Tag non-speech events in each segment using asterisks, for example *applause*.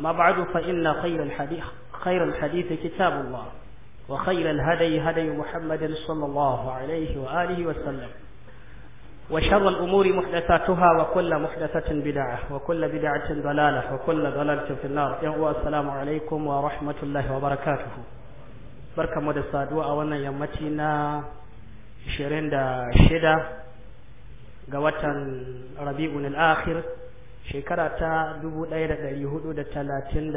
ما بعد فإن خير الحديث خير الحديث كتاب الله وخير الهدي هدي محمد صلى الله عليه وآله وسلم وشر الأمور محدثاتها وكل محدثة بدعة وكل بدعة ضلالة وكل ضلالة في النار يهو السلام عليكم ورحمة الله وبركاته بركة مدى سادوة وانا يمتنا شرين دا قوة ربيع الآخر shekara ta 1438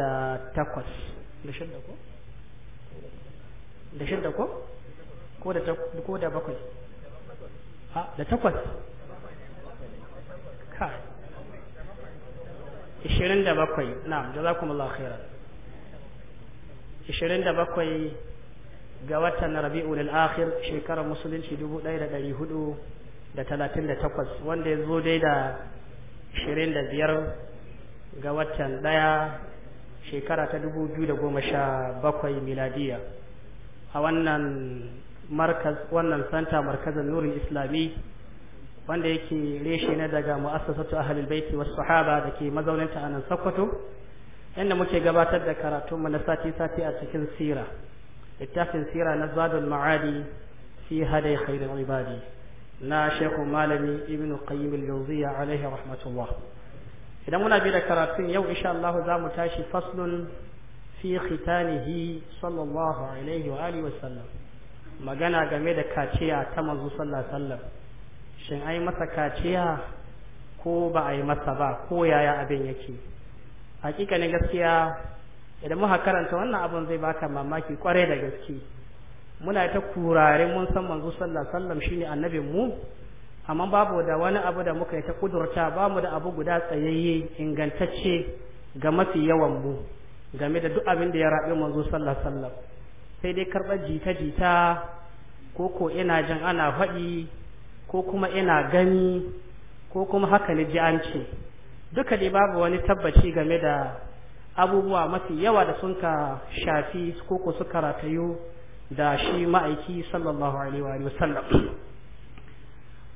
da shidda ko da shidda ko ko da ko da bakwai ha da takwas ka 27 na'am ishirin da 27 ga watan rabi'u al-akhir shekarar musulunci 1438 wanda ya zo dai da ashirin da biyar ga watan ɗaya shekara ta dubu biyu da goma sha bakwai miladiya a wannan markaz wannan santa markazin nurin islami wanda yake reshe na daga mu'assasatu ahlul baiti was sahaba da ke mazauninta a nan Sokoto inda muke gabatar da karatun mu na sati sati a cikin sira littafin sira na zadul ma'adi fi hadai khairul ibadi na shehu malami ibn qayyim al-jawziya alayhi rahmatullah idan muna bi da karatun yau insha Allah za mu tashi faslun fi khitanihi sallallahu alaihi wa alihi wa sallam magana game da kaciya ta manzo sallallahu sallam shin ai masa kaciya ko ba a masa ba ko yaya abin yake ne gaskiya idan muka karanta wannan abun zai baka mamaki kwarai da gaske muna ta kurare mun san manzo sallallahu alaihi wasallam shine annabin mu amma babu da wani abu da muka yi ta kudurta ba mu da abu guda tsayayye ingantacce ga mafi yawan mu game da duk abin da ya rabe manzo sallallahu alaihi wasallam sai dai karɓar jita jita ko ko ina jin ana faɗi ko kuma ina gani ko kuma haka ne ji an ce duka dai babu wani tabbaci game da abubuwa mafi yawa da sun ka shafi ko ko suka ratayo. da shi ma'aiki sallallahu alaihi wa sallam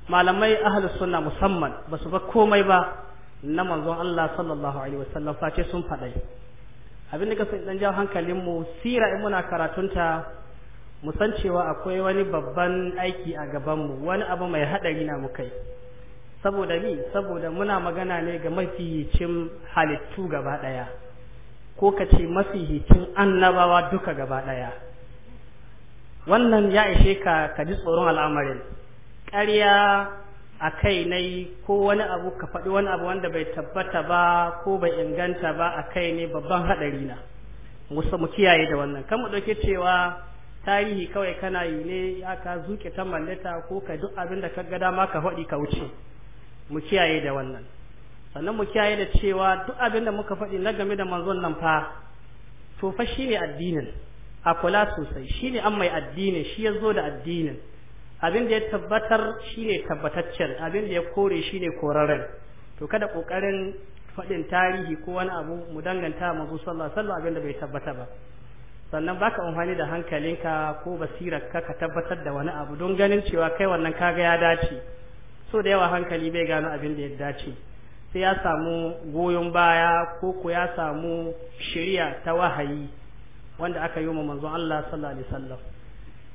malamai ahli sunna musamman ba su ba komai ba na manzon Allah sallallahu alaihi wa sallam face sun faɗai abin da kasan dan jawo hankalin mu sira in muna karatunta mu san cewa akwai wani babban aiki a gaban mu wani abu mai hadari na mu kai saboda ni saboda muna magana ne ga mafiyicin halittu gaba daya ko kace mafihicin annabawa duka gaba daya wannan ya ishe ka ka ji tsoron al'amarin ƙarya a kai na yi ko wani abu ka faɗi wani abu wanda bai tabbata ba ko bai inganta ba a kai ne babban haɗari na musa mu kiyaye da wannan kan mu ɗauke cewa tarihi kawai kana yi ne ya ka zuke ta mallata ko ka duk abin da ka ga ma ka faɗi ka wuce mu kiyaye da wannan sannan mu kiyaye da cewa duk abin da muka faɗi na game da manzon nan fa to fa shine addinin a kula sosai shine an mai addinin shi ya zo da addinin abin da ya tabbatar shine tabbataccen abin da ya kore shi ne koraren to kada kokarin faɗin tarihi ko wani abu mu danganta manzo sallallahu sallah abin da bai tabbata ba sannan baka amfani da hankalinka ko basirar ka ka tabbatar da wani abu don ganin cewa kai wannan kaga ya dace so da yawa hankali bai gano abin da ya dace sai ya samu goyon baya ko ko ya samu shirya ta wahayi wanda aka yi wa manzon Allah sallallahu alaihi wasallam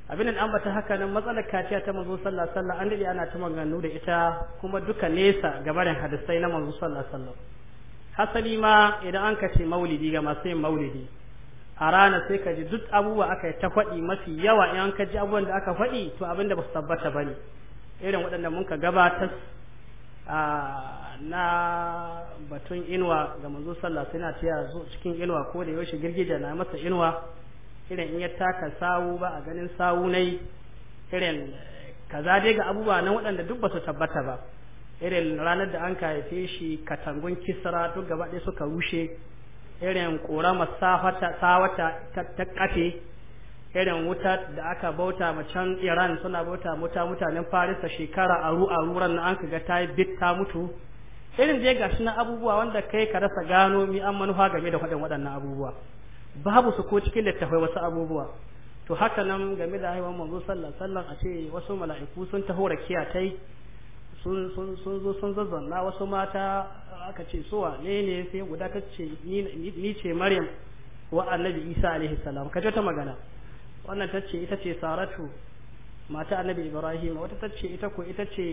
abin da ambata haka nan matsalar kaciya ta manzon sallallahu alaihi wasallam an dade ana ta maganganu da ita kuma duka nesa ga da hadisai na manzon sallallahu alaihi wasallam hasali ma idan an kace maulidi ga masu yin maulidi a rana sai ka ji duk abubuwa aka yi ta faɗi mafi yawa in an ka ji abubuwan da aka faɗi to abin da ba su tabbata ba ne irin waɗanda mun ka gabatar Ah, na batun inuwa ga manzo sallah sai na tiya zo cikin inuwa ko da yaushe girgije na masa inuwa irin in ya taka sawu ba a ganin sawu nai irin kaza dai ga abubuwa na waɗanda duk ba su tabbata ba irin ranar da an haife shi katangun kisra duk gaba ɗaya suka rushe irin ƙora sawata ta kafe irin wuta da aka bauta ma can Iran suna bauta muta mutanen Paris da shekara aru aruran na an ga ta bit ta mutu irin dai gashi na abubuwa wanda kai ka rasa gano mi an manufa game da waɗannan waɗannan abubuwa babu su ko cikin littafai wasu abubuwa to haka nan game da haihuwar manzo sallallahu alaihi wasallam a ce wasu mala'iku sun taho rakiya tai sun sun sun zo sun zazzanna wasu mata aka ce suwa ne ne sai guda ta ce ni ce Maryam wa annabi Isa alaihi salam kaje ta magana wannan ta ce ita ce saratu mata annabi ibrahim wata ta ce ita ko ita ce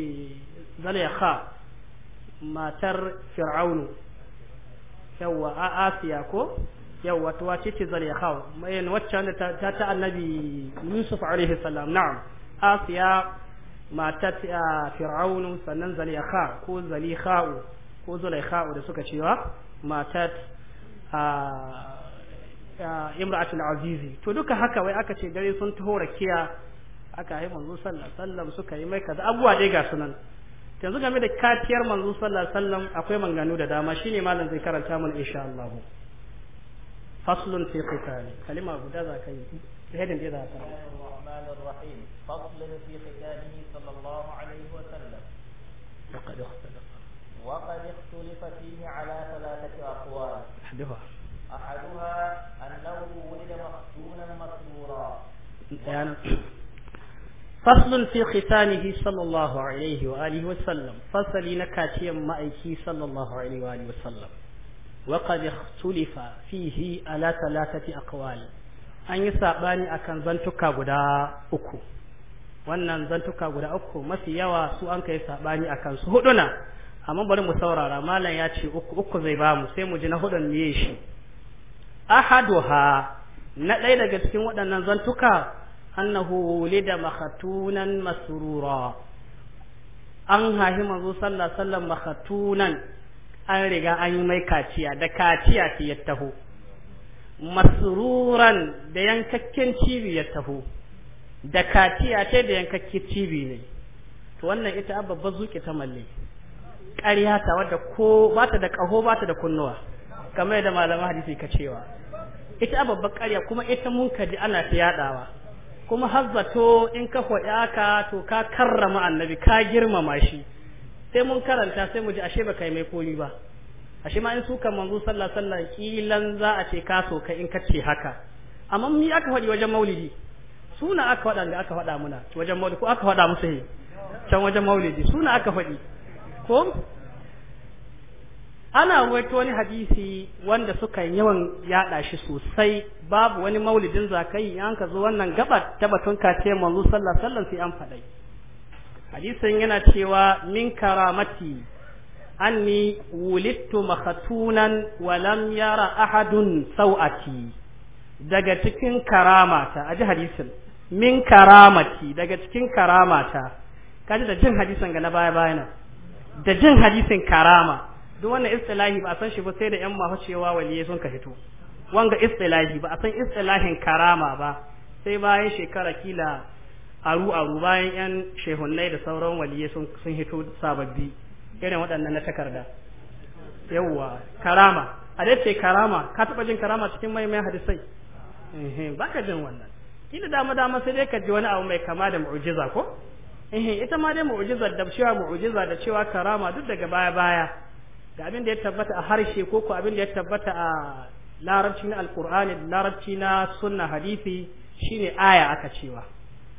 zalaiha matar fir'aunu yawwa a asiya ko yawwa to wace ce zalaiha mayan wacce da ta ta annabi yusuf alaihi salam na'am asiya matar fir'aunu sannan zalaiha ko zalaiha ko zalaiha da suka cewa matar imra'atul azizi to duka haka wai aka ce dare sun taho rakiya aka haifa manzo sallallahu alaihi wasallam suka yi mai kaza abuwa dai ga sunan yanzu game da katiyar manzo sallallahu alaihi wasallam akwai manganu da dama shine malam zai karanta mun insha Allah faslun fi qitali kalima guda za ka yi hadin da za ka rahmanir rahim faslun fi qitali sallallahu alaihi wasallam وقد اختلف وقد اختلف فيه على ثلاثة أقوال أحدها أحدها أنه ولد مختونا مسرورا يعني فصل في ختانه صلى الله عليه وآله وسلم فصل نكاتيا مأيكي صلى الله عليه وآله وسلم وقد اختلف فيه على ثلاثة أقوال an yi saɓani a zantuka guda uku wannan zantuka guda uku mafi yawa su ankayi saɓani a kansu huduna amma bari mu saurara malam ya ce uku zai bamu sai mu ji na hudun ne shi ahaduha na ɗaya daga cikin waɗannan zantuka annahu da makhatunan masurura an haihi manzo sallallahu alaihi makhatunan an riga an yi mai kaciya da kaciya ce ya taho masururan da yankakken cibi ya taho da kaciya ce da yankakken cibi ne to wannan ita babbar zuke ta malle ƙarya ta wadda ko bata da ƙaho bata da kunnuwa kamar da malaman hadisi ka cewa ita babbar ƙarya kuma ita mun ji ana ta yadawa kuma hazzato in ka faɗi aka to ka karrama annabi ka girmama shi sai mun karanta sai mu ji ashe ba kai mai komi ba ashe ma in su kan manzo sallallahu alaihi wasallam kilan za a ce ka so ka in ka ce haka amma mi aka faɗi wajen maulidi suna aka faɗa da aka faɗa muna wajen maulidi ko aka faɗa musu he can wajen maulidi suna aka faɗi ko ana ruwaito wani hadisi wanda suka yi yawan yada shi sosai babu wani maulidin zakai an ka zo wannan gabar ta batun kace manzo sallallahu alaihi wasallam sai an fadai hadisin yana cewa min karamati anni wulittu makhatunan wa lam yara ahadun sau'ati daga cikin karamata aji hadisin min karamati daga cikin karamata kaji da jin hadisin ga na baya bayana da jin hadisin karama duk wannan istilahi ba a san shi ba sai da ƴan mafa cewa waliye sun ka fito wanga istilahi ba a san istilahin karama ba sai bayan shekara kila aru aru bayan ƴan shehunnai da sauran waliye sun sun hito sababbi irin waɗannan na takarda yawwa karama a dai ce karama ka taɓa jin karama cikin maimai hadisai ba ka jin wannan kila dama dama sai dai ka ji wani abu mai kama da mu'jiza ko ita ma dai mu'jizar da cewa mu'jiza da cewa karama duk daga baya baya ga abin da ya tabbata a harshe ko ko abin da ya tabbata a larabci na alkur'ani larabci na sunna hadisi shine aya aka cewa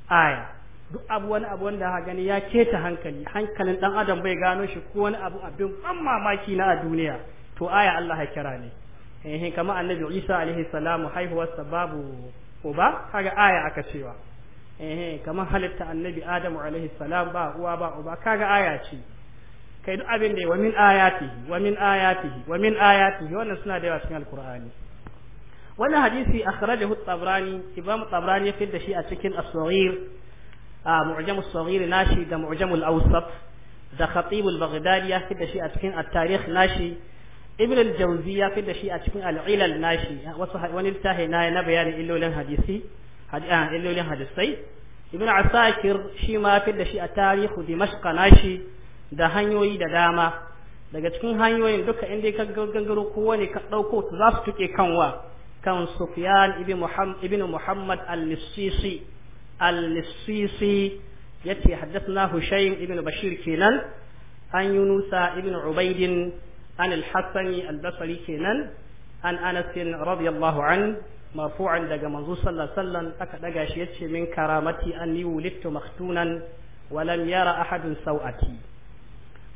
aya duk abu wani abu wanda ha gani ya keta hankali hankalin dan adam bai gano shi ko wani abu abin ban mamaki na a duniya to aya Allah ya kira ne eh kama annabi Isa alaihi salamu haihuwar sababu ba kaga aya aka cewa eh kama halitta annabi Adamu alaihi salam ba uwa ba uba kaga aya ce kai duk abin da ya wa min ayatihi wa min ayatihi wa min ayatihi wannan suna da yawa cikin alqur'ani wannan hadisi akhrajahu at-tabrani imam tabrani ya da shi a cikin as-saghir a mu'jam as-saghir nashi da mu'jam al-awsat da khatib al-baghdadi ya da shi a cikin at-tarikh nashi ibn al-jawzi ya da shi a cikin al-ilal nashi wasu wani littafi na na bayanin illolin hadisi illolin hadisai ibn asakir shi ma ya da shi a tarihu dimashq nashi da hanyoyi da dama daga cikin hanyoyin duka inda ka gangaro kowane ka ɗauko za su tuke kanwa kan Sufyan ibn Muhammad al-Lissisi al-Lissisi yace haddathna Hushaym ibn Bashir kenan an Yunusa ibn Ubaidin an al-Hasan al-Basri kenan an Anas radiyallahu an marfu'an daga manzo sallallahu alaihi aka daga shi yace min karamati yi wulidtu maktunan wa lam yara ahadun sawati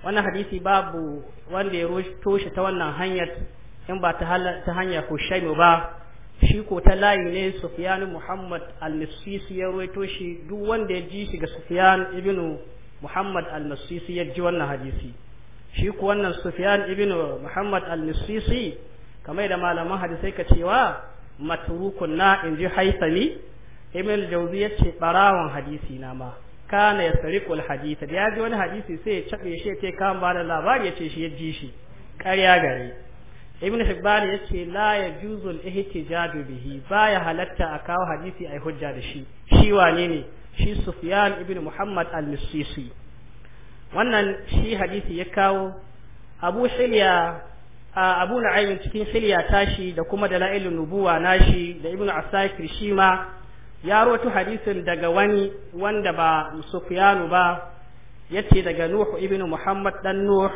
wannan hadisi babu wanda ya toshe ta wannan hanyar in ba ta hanyar hushaimu ba shi ko ta layi ne Sufiyanu muhammad al-masisi ya ruwaito shi duk wanda ya ji shi ga sufiyan ibnu muhammad al ya ji wannan hadisi shi ko wannan Sufiyan ibnu muhammad al-masisi kamar da malaman hadisai ka cewa matrukun na inji haisami ibn al-jawzi ce barawon hadisi na ma kana ya sariqul hadith da ya ji wani hadisi sai ya cabe shi ce kan ba da labari ya ce shi ya ji shi ƙarya gare ibn hibban ya ce la juzul ihtijaj bihi ba ya halatta a kawo hadisi ai hujja da shi shi wane ne shi sufyan ibn muhammad al-misisi wannan shi hadisi ya kawo abu hilya abu na'im cikin hilya tashi da kuma dalailun nubuwa nashi da ibn asakir shi ma ya hadisin daga wani wanda ba Sufyanu ba yace daga Nuhu ibn Muhammad dan Nuh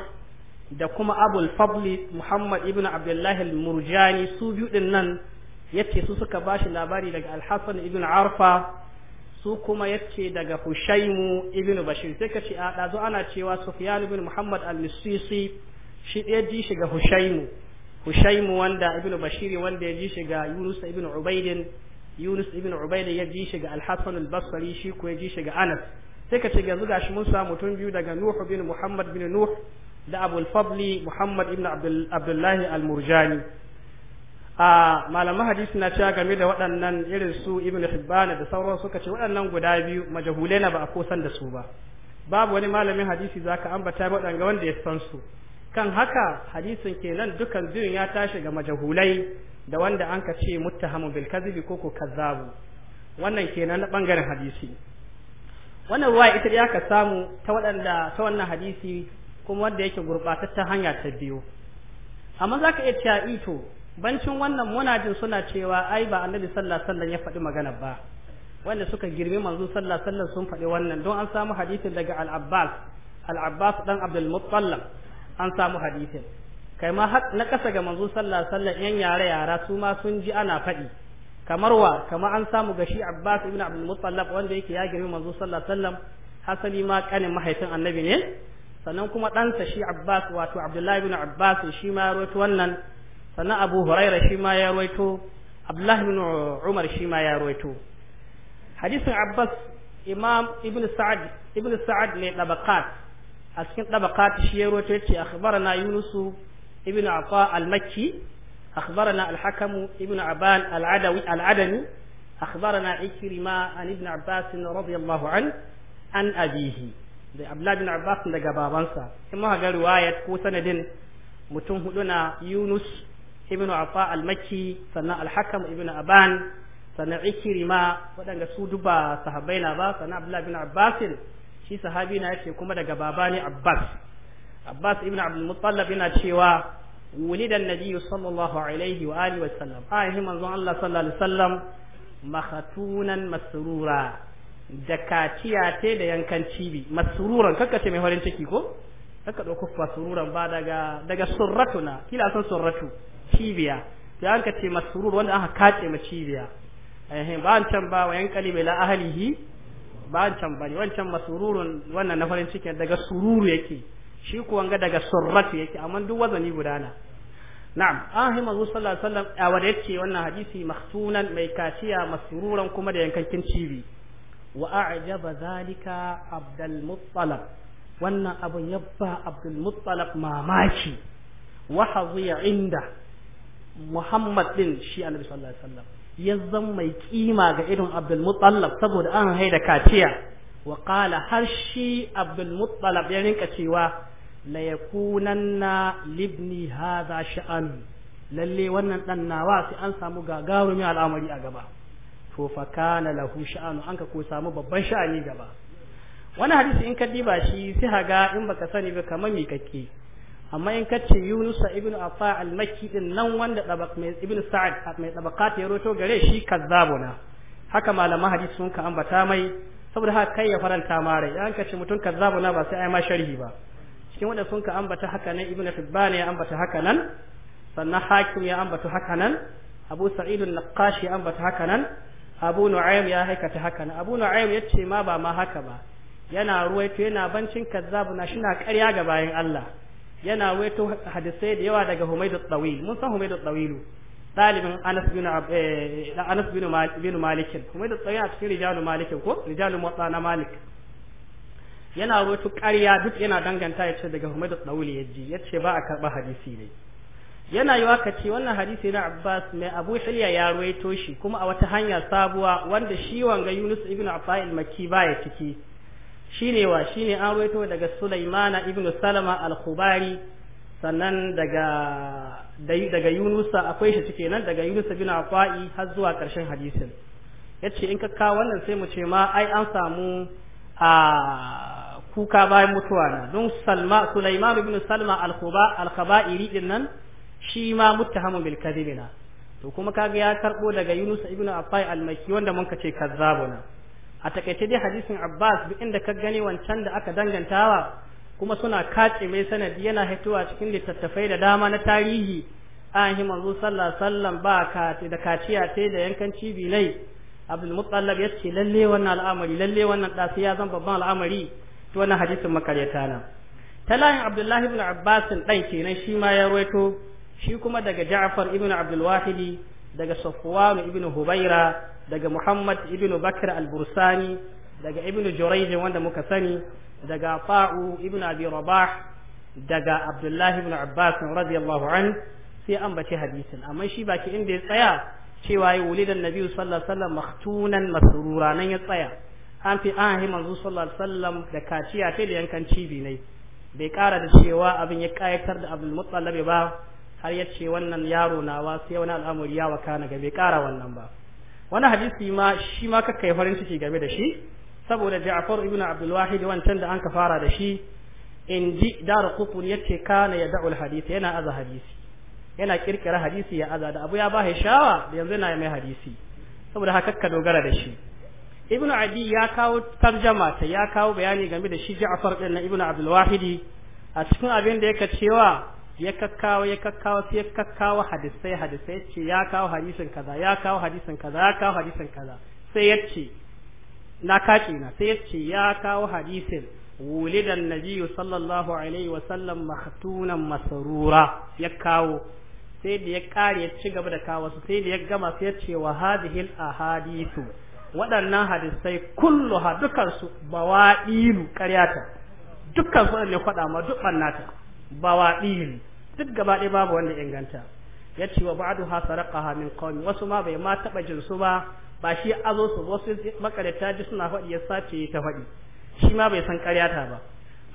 da kuma Abul Fadli Muhammad ibn abdullahi al-Murjani su biyu din nan yace su suka bashi labari daga alhassan hasan ibn Arfa su kuma yace daga Hushaimu ibn Bashir sai ce a dazo ana cewa Sufyan ibn Muhammad al-Misisi shi ɗaya ji shi ga Hushaimu Hushaimu wanda ibn Bashir wanda ya ji shi ga Yunus ibn Ubaidin Yunus ibn Ubaida ya ji shiga ga Al-Hasan al-Basri shi ko ya ji shiga Anas sai ka ce yanzu gashi mun samu mutum biyu daga Nuh bin Muhammad bin Nuh da Abu al-Fadli Muhammad ibn Abdullah al-Murjani a malaman hadisi na cewa game da waɗannan irin su Ibn Hibban da sauran suka ce waɗannan guda biyu majahulai na ba a kosan da su ba babu wani malamin hadisi zaka ambata waɗanga wanda ya san su kan haka hadisin kenan dukan biyun ya tashi ga majahulai da wanda an ka ce muttahamu bil kadhibi ko ko kazzabu wannan kenan na bangaren hadisi wannan ruwa ita da aka samu ta waɗanda ta wannan hadisi kuma wanda yake ta hanya ta biyu amma zaka iya cewa ito bancin wannan muna suna cewa ai ba annabi sallallahu alaihi wasallam ya faɗi magana ba wanda suka girme manzo sallallahu alaihi wasallam sun faɗi wannan don an samu hadisin daga al-Abbas al-Abbas dan Abdul Muttalib an samu hadisin kai ma har na kasa ga manzo sallallahu alaihi wasallam yan yare yara su ma sun ji ana faɗi kamar wa kamar an samu ga shi Abbas ibn Abdul Muttalib wanda yake ya girmi manzo sallallahu alaihi wasallam hasali ma kanin mahaifin annabi ne sannan kuma ɗansa shi Abbas wato Abdullahi ibn Abbas shi rawaito wannan sannan Abu shi ya rawaito Abdullahi ibn Umar shi ya rawaito hadisin Abbas Imam Ibn Sa'ad Ibn Sa'ad ne dabaqat a cikin dabaqat shi ya rawaito yace akhbarana Yunus ابن عطاء المكي أخبرنا الحكم ابن عبان العدوي العدني أخبرنا عكرمة عن ابن عباس رضي الله عنه عن أبيه da Abdullah bin Abbas daga babansa in maga ga riwayat ko sanadin mutum hudu na Yunus ibn Afa al sannan al-Hakam ibn Aban sannan Ikrima waɗanda su duba na ba sannan Abdullah shi sahabina yake kuma daga baba ne Abbas ibn Abdul Muttalib yana cewa wulida Nabi sallallahu alaihi wa alihi wa a ayi manzon Allah sallallahu alaihi wasallam mahatunan masrura da kaciya te da yankan cibi masruran kaka ce mai horin ciki ko kaka dauko masruran ba daga daga surratuna kila san surratu cibiya to an ce masrur wanda aka kace ma cibiya eh ba an can ba wa yankali la ahlihi ba an can ba wancan masrurun wannan na farin ciki daga sururu yake shi kuwa ga daga surrat yake amma duk wazani gudana na'am an hima zu sallallahu alaihi wasallam a wada yace wannan hadisi mahsunan mai kaciya masruran kuma da yankankin cibi wa a'jaba zalika abdul muttalab wannan abun yabba abdul muttalab mamaki wa haziya inda muhammad din shi annabi sallallahu alaihi wasallam ya zan mai kima ga irin abdul muttalab saboda an haida kaciya wa qala har shi abdul muttalab ya rinka cewa la yakunanna libni hadha sha'an lalle wannan dan nawa sai an samu gagarumi al'amari a gaba to fa kana lahu sha'anu an ka ko samu babban sha'ani gaba wani hadisi in ka diba shi sai haga in baka sani ba kamar mi kake amma in ka ce Yunus ibn Afa al-Makki din nan wanda dabak mai ibn Sa'ad mai dabakat ya roto gare shi kazzabuna haka malaman hadisi sun ka ambata mai saboda haka kai ya faranta mare an ka ce mutum kazzabuna ba sai ai ma sharhi ba cikin wanda sun ka ambata haka nan ibnu hibban ya ambata haka nan sannan hakim ya ambata haka nan abu sa'id an-naqash ya ambata haka nan abu nu'aym ya haikata haka nan abu nu'aym yace ma ba ma haka ba yana ruwaito yana bancin kazzabu na shina ƙarya ga bayan Allah yana ruwaito hadisai da yawa daga Humaydu Tawil mun san Humaydu Tawil dalibin Anas bin eh, Anas bin Malik bin Malik Humaydu Tawil a cikin rijalu Malik ko rijalu mutana na Malik yana rotu ƙarya duk yana danganta ya ce daga Humaydu Dauli yaji ya ce ba a karɓa hadisi ne yana yiwa ka ce wannan hadisi na Abbas mai Abu Hilya ya ruwaito shi kuma a wata hanya sabuwa wanda shi wanga Yunus ibn Affan al-Makki baya ciki shine wa shine an ruwaito daga Sulaimana ibn Salama al-Khubari sannan daga daga Yunus akwai shi cike nan daga Yunus ibn Affan har zuwa ƙarshen hadisin yace in ka kawo wannan sai mu ce ma ai an samu a kuka bayan mutuwa na don salma sulaiman ibn salma al-khuba al din nan shi ma muttahamun bil kadhibina to kuma kaga ya karbo daga yunus ibn affai al-makki wanda mun ka kace kazzabuna a takaice dai hadisin abbas duk inda ka gani wancan da aka dangantawa kuma suna kace mai sanadi yana haituwa cikin littattafai da dama na tarihi an yi manzo sallallahu alaihi wasallam ba ka da kaciya sai da yankan cibi nai abdul muttalib ya ce lalle wannan al'amari lalle wannan da sai ya zan babban al'amari to wannan hadisin makaryata na talayin abdullahi ibn abbas ɗan kenan shi ma ya ruwaito shi kuma daga ja'far ibn abdul wahidi daga safwan ibn hubaira daga muhammad ibn bakr al-bursani daga ibn jurayj wanda muka sani daga fa'u ibn abi rabah daga abdullahi ibn abbas radiyallahu an sai an hadisin amma shi baki inda ya tsaya cewa ya wulidan nabiyyu sallallahu alaihi wasallam maktunan masrura nan ya tsaya an fi an haihi manzo sallallahu alaihi wasallam da kaciya sai da yankan cibi ne bai kara da cewa abin ya kayatar da abdul muttalib ba har ya ce wannan yaro nawa sai wani al'amuri ya na ga bai kara wannan ba wani hadisi ma shi ma kakkai farin ciki game da shi saboda Ja'far ibn Abdul Wahid wancan da anka fara da shi in ji dar qutun yace kana ya da'ul hadisi yana aza hadisi yana kirkira hadisi ya aza da abu ya ba shawa da yanzu yana mai hadisi saboda haka ka dogara da shi ibn adi ya kawo tarjama ta ya kawo bayani game da shi ja'far din na ibn abdul wahidi a cikin abin da yake cewa ya kakkawo ya kakkawo sai ya kakkawo hadisai hadisai ce ya kawo hadisin kaza ya kawo hadisin kaza ya kawo hadisin kaza sai ya ce na kaci na sai ya ce ya kawo hadisin wulidan nabiyyu sallallahu alaihi wa sallam mahtunan masrura ya kawo sai da ya kare ya ci gaba da kawo su sai da ya gama sai ya ce wa hadhihi al ahadithu waɗannan hadisai kullu ha dukansu bawa'ilu ƙaryata dukkan su ne faɗa ma duk ɓannata bawa'ilu duk gaba ɗaya babu wanda inganta ya ce wa ba'adu ha ha min qawmi wasu ma bai ma taɓa jin su ba ba shi azo su wasu makarata ji suna faɗi ya sace ta faɗi shi ma bai san ƙaryata ba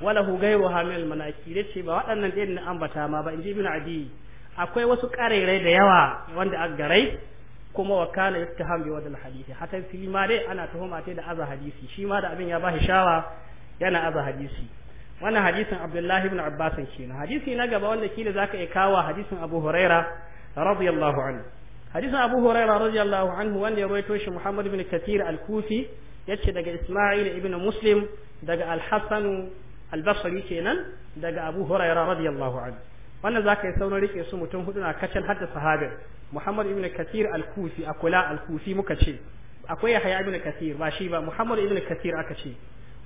wala hu gairu min manaki ce ba waɗannan ɗin na ambata ma ba in ji ibn adi akwai wasu ƙarairai da yawa wanda a garai kuma wa kana yastaham bi wadal hadisi hatta fili ma dai ana tuhuma ta da aza hadisi shi ma da abin ya bashi shawa yana aza hadisi wannan hadisin Abdullahi ibn Abbas kenan hadisi na gaba wanda kila zaka iya kawo hadisin Abu Huraira radiyallahu anhu hadisin Abu Huraira radiyallahu anhu wanda ya rawaito shi Muhammad ibn Kathir al-Kufi yace daga Isma'il ibn Muslim daga Al-Hasan al-Basri kenan daga Abu Huraira radiyallahu anhu wannan zaka yi sauran rike su mutum hudu na kacal hadda sahabin Muhammad ibn Kathir al-Kufi akula al-Kufi muka ce akwai Yahya ibn Kathir ba shi ba Muhammad ibn Kathir aka ce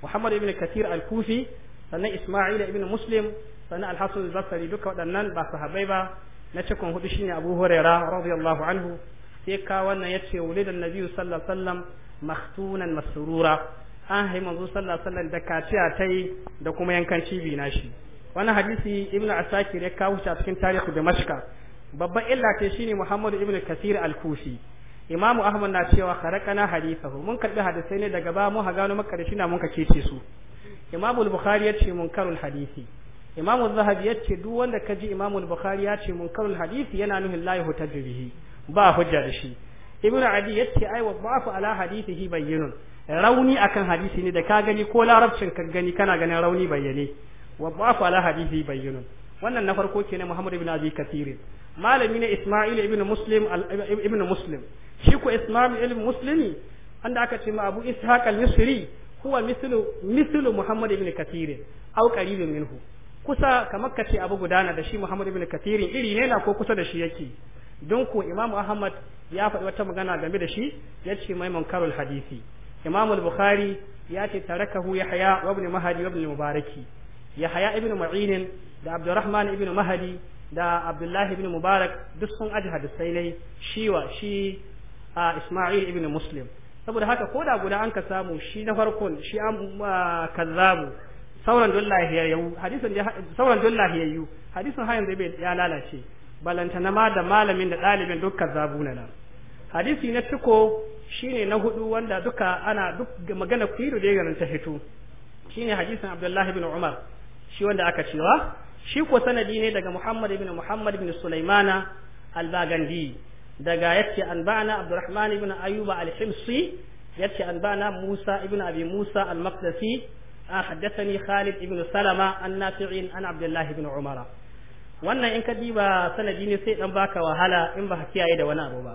Muhammad ibn Kathir al-Kufi sannan Isma'il ibn Muslim sannan al-Hasan al-Basri duka waɗannan ba sahabbai ba na cikon hudu shine Abu Hurairah radiyallahu anhu sai ka wannan yace wulidan nabiyyu sallallahu alaihi wasallam mahtunan masrura an haihi manzo sallallahu alaihi wasallam da kaciya ta da kuma yankan cibi na shi wani hadisi ibn asakir ya kawo shi a cikin tarihi da mashka babban illa ce shine Muhammad ibn Kathir al-Kufi Imamu Ahmad na cewa kharaqana hadithahu mun karbi hadisai ne daga ba mu ha gano makarshi na mun ka cece su Imamu al-Bukhari yace munkarul hadisi Imamu Zahabi yace duk wanda ka ji Imamu al-Bukhari yace munkarul hadisi yana nuhin la yuhtaju bihi ba hujja da shi Ibn Adi yace ai wa ba'fu ala hadithihi bayyinun rauni akan hadisi ne da ka gani ko larabcin ka gani kana ganin rauni bayyane wa ba'fu ala hadithihi bayyinun wannan na farko kenan Muhammad ibn Abi Kathir malami ne Isma'il ibn Muslim ibn Muslim shi ko Isma'il ibn Muslimi anda aka ce ma Abu Ishaq al-Misri huwa mislu mislu Muhammad ibn Kathir aw qaribun minhu kusa kamar kace abu gudana da shi Muhammad ibn Kathir iri ne na ko kusa da shi yake don ko Imam Ahmad ya faɗi wata magana game da shi ce mai munkarul hadisi Imam al-Bukhari ya ce tarakahu Yahya wa ibn Mahdi wa ibn Mubaraki yahaya ibn ma'in da Abdulrahman ibn mahadi da abdullahi ibn mubarak duk sun aji hadisai ne shiwa shi a isma'il ibn muslim saboda haka ko da guda an ka samu shi na farkon shi an kazzabu sauran dun lahiyayyu hadisin sauran dun lahiyayyu hadisin har yanzu ya lalace balantana ma da malamin da dalibin duk kazzabu na nan hadisi na ciko shine na hudu wanda duka ana duk magana kuyi da ya fito shi shine hadisin abdullahi ibn umar shi wanda aka cewa shi ko sanadi ne daga Muhammad ibn Muhammad ibn Sulaimana al-Bagandi daga yace an anbana Abdurrahman ibn Ayyub al-Himsi yace an bana Musa ibn Abi Musa al-Maqdisi haddathani Khalid ibn Salama an Nafi'in an Abdullah ibn Umar wannan in ka diba sanadi ne sai dan baka wahala in ba kiyaye da wani abu ba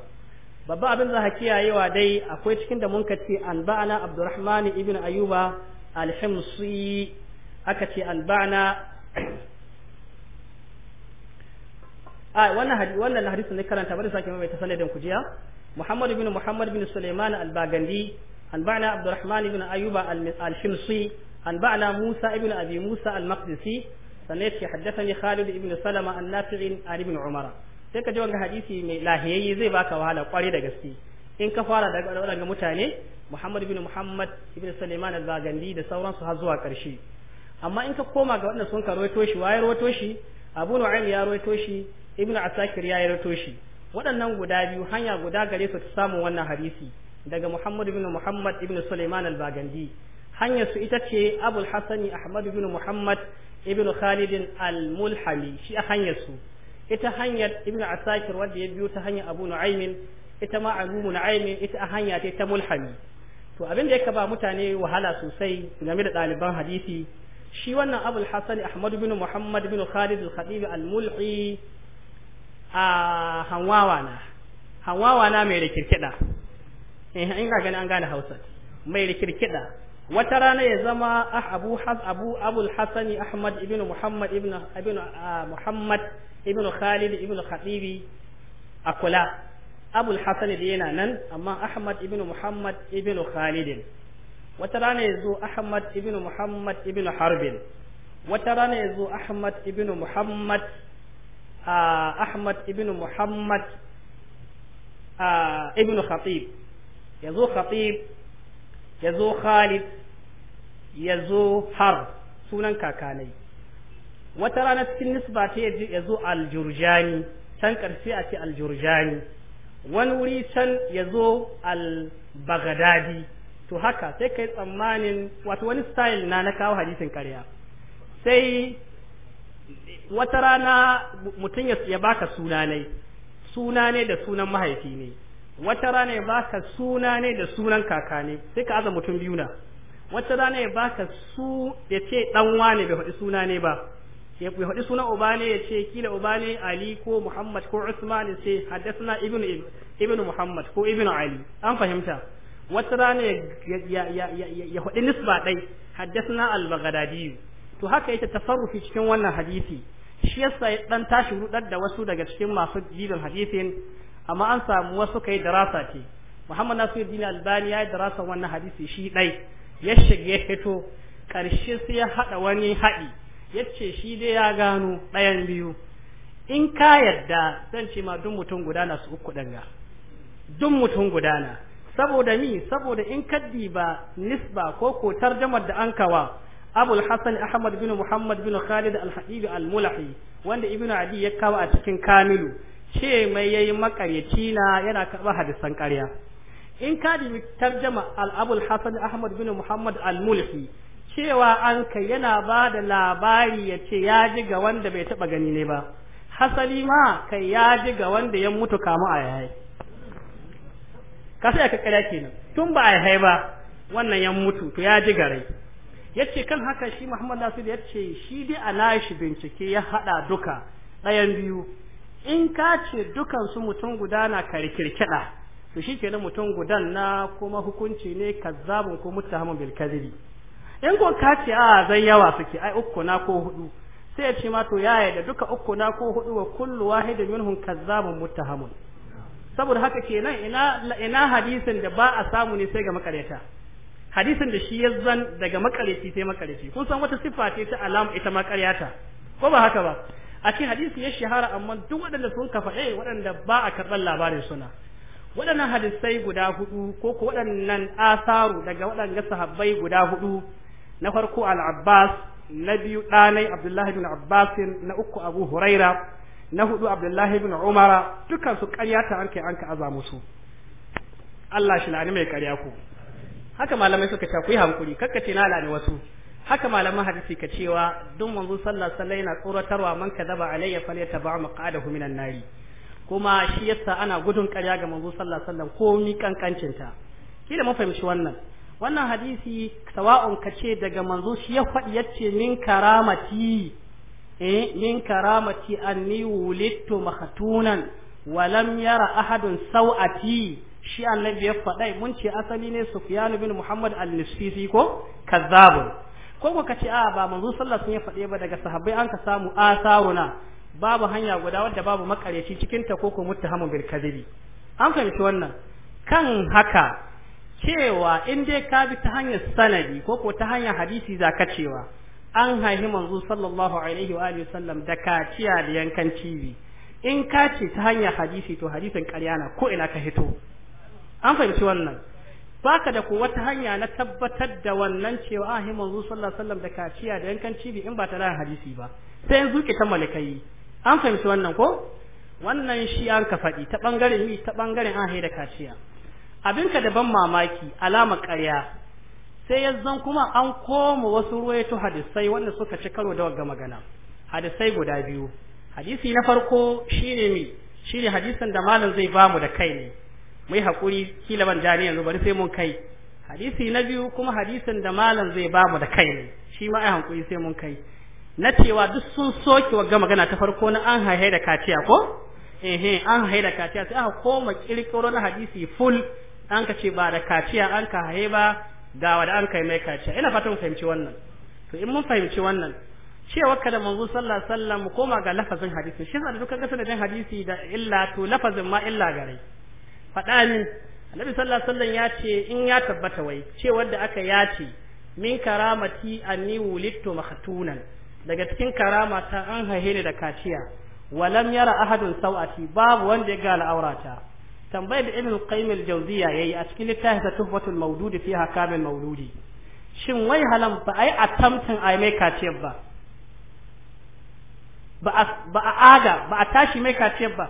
babba abin za ka wa dai akwai cikin da mun ka ce anbana Abdurrahman ibn Ayyuba al-Himsi aka ce albana a wannan hadisi wannan hadisin ne karanta bari sake mai ta sanadin kujiya Muhammad ibn Muhammad ibn Sulaiman al-Bagandi anba'na Abdurrahman ibn Ayuba al-Shimsi anba'na Musa ibn Abi Musa al-Maqdisi sannan ya haddathani Khalid ibn Salama an-Nafi' an ibn Umar sai ka ji wannan hadisi mai lahiyayye zai baka wahala kware da gaske in ka fara daga wadannan mutane Muhammad ibn Muhammad ibn Sulaiman al-Bagandi da sauransu har zuwa ƙarshe. amma in ka koma ga wanda sun shi wa ya rawaito shi abu nu'aym ya rawaito shi ibn asakir ya rawaito shi waɗannan guda biyu hanya guda gare su ta samun wannan hadisi daga muhammad ibn muhammad ibn sulaiman al-bagandi hanyar su ita ce abul hasani ahmad ibn muhammad ibn khalid al-mulhami shi a hanyar su ita hanyar ibn asakir wanda ya biyo ta hanyar abu nu'aymin ita ma abu nu'aymin ita a hanya ta ta mulhami to abin da ya ba mutane wahala sosai game da ɗaliban hadisi shi wannan abul hasani ahmad bin muhammad bin khalid al-khatib al-mulhi a hanwawa na hanwawa na mai rikirkida eh in ga gani an gane hausa mai rikirkida wata rana ya zama ah abu has abu abul hasani ahmad ibn muhammad ibn ibn ah, muhammad ibn khalid ibn khatib akula abul hasani da yana nan amma ahmad ibn muhammad ibn khalid wata rana ya zo ahmad ibn muhammad ibn harbin wata rana ya zo ahmad ibn muhammad ahmad ibn muhammad ibn khatib ya zo khatib ya zo khalid ya zo har sunan kakanai wata rana cikin nisba ta ya zo aljurjani can karshe a ce aljurjani wani wuri can ya zo al-baghdadi to haka sai kai tsammanin wato wani style na na kawo hadisin karya sai wata rana mutum ya baka suna ne suna ne da sunan mahaifi ne wata rana ya baka suna ne da sunan kaka ne sai ka aza mutum biyu na wata rana ya baka su ya ce dan wane bai faɗi suna ne ba ya faɗi sunan uba ne ya ce kila uba ne ali ko muhammad ko usman sai haddasa ibnu ibnu muhammad ko ibnu ali an fahimta wata rana ya hudu nisba ɗai haddasna al-baghdadi to haka yake tafarrufi cikin wannan hadisi shi yasa ya dan tashi rudar da wasu daga cikin masu dibin hadisin amma an samu wasu kai darasa ce Muhammad Nasiruddin Albani ya darasa wannan hadisi shi dai ya shige ya fito karshe sai ya hada wani haɗi yace shi dai ya gano ɗayan biyu in ka yadda zan ce ma duk mutum gudana su uku danga duk mutum gudana saboda mi saboda in kaddi ba nisba ko ko tarjamar da an kawa abul hasan ahmad bin muhammad bin khalid al-hadid al-mulahi wanda ibnu adi ya kawo a cikin kamilu ce mai yayi makaryaci na yana karba hadisan ƙarya in ka dibi tarjama al-abul hasan ahmad bin muhammad al mulahi cewa an kai yana ba da labari ya ce ya ji ga wanda bai taba gani ne ba hasali ma kai ya ji ga wanda ya mutu kamu a yayi ka sai ka kira kenan tun ba a hai ba wannan 'yan mutu to ya ji garai yace kan haka shi Muhammad Nasir yace shi dai a nashi bincike ya hada duka ɗayan biyu in ka ce dukan su mutum guda na karkirkida to shikenan mutum gudan na kuma hukunci ne kazzabun ko muttahamun bil kadhibi in ko ka ce a zai yawa suke ai uku na ko hudu sai ya ce ma to yaya da duka uku na ko hudu wa kullu wahidun minhum kazzabun muttahamun saboda haka kenan ina ina hadisin da ba a samu ne sai ga makareta hadisin da shi ya zan daga makareci sai makareci kun san wata siffa ce ta alama ita makaryata ko ba haka ba a cikin hadisi ya shahara amma duk waɗanda sun kafa eh waɗanda ba a karɓar labarin suna waɗannan hadisai guda hudu ko ko waɗannan asaru daga waɗanda sahabbai guda hudu na farko al-Abbas na biyu ɗanai Abdullahi bin Abbas na uku Abu Huraira na hudu abdullahi ibn umara dukan su ƙarya ta an anka aza musu Allah shi lani mai ƙarya ku haka malamai suka ce ku yi hankuri kakka ce na lani wasu haka malaman hadisi ka cewa duk manzo sallallahu alaihi na tsoratarwa man kadaba alayya falyataba maqadahu minan nari kuma shi yasa ana gudun ƙarya ga manzo sallallahu alaihi wasallam ko ni kankancin ta kila mun fahimci wannan wannan hadisi sawa'un kace daga manzo shi ya faɗi yace min karamati Eh, min karamati anni wulittu makhtunan wa lam yara ahadun sawati shi annabi ya faɗa mun ce asali ne Sufyan bin Muhammad al-Nisfisi ko kazzabun ko ko kace a ba manzo sallallahu alaihi wasallam ya faɗe ba daga sahabbai an ka samu asaruna babu hanya guda wadda babu makareci cikin ta ko ko muttahamu bil kadhibi an fahimci wannan kan haka cewa in dai ka bi ta hanyar sanadi ko ko ta hanyar hadisi zaka cewa an haihi manzo sallallahu alaihi wa alihi sallam da kaciya da yankan cibi in ka ce ta hanyar hadisi to hadisin ƙarya na ko ina ka hito an fahimci wannan baka da ko wata hanya na tabbatar da wannan cewa an haihi manzo sallallahu alaihi sallam da kaciya da yankan cibi in ba ta da hadisi ba sai zuke ta malikai. an fahimci wannan ko wannan shi an ka faɗi ta ɓangaren yi ta ɓangaren an da kaciya abinka da ban mamaki alama ƙarya sai ya zan kuma an koma wasu ruwaito hadisai wanda suka ci karo da wagga magana hadisai guda biyu hadisi na farko shine mi shine hadisin da malam zai bamu da kai ne mai hakuri kila ban jani yanzu bari sai mun kai hadisi na biyu kuma hadisin da malam zai bamu da kai ne shi ma ai hankuri sai mun kai na cewa duk sun soke wagga magana ta farko na an haihe da kaciya ko ehe an haihe da kaciya sai aka koma kirkiro na hadisi full an ka ce ba da kaciya an ka haihe ba ga wanda an kai mai kaciya ina fatan fahimci wannan to in mun fahimci wannan cewa kada manzo sallallahu alaihi wasallam koma ga lafazin hadisi shin hadisu da sanadin hadisi da illa to lafazin ma illa gare faɗa min annabi sallallahu alaihi wasallam ya ce in ya tabbata wai ce wanda aka ya ce min karamati anni wulidtu makhtunan daga cikin karama ta an haihe ni da kaciya walam yara ahadun sau'ati babu wanda ya ga al'aurata tambayar da ibn qayyim al-jawziya yayi a cikin littafin sa tuhfatul mawdudi fi hakamil mawludi shin wai halam ba ai attempting ai mai kaciyar ba ba a aga ba a tashi mai kaciyar ba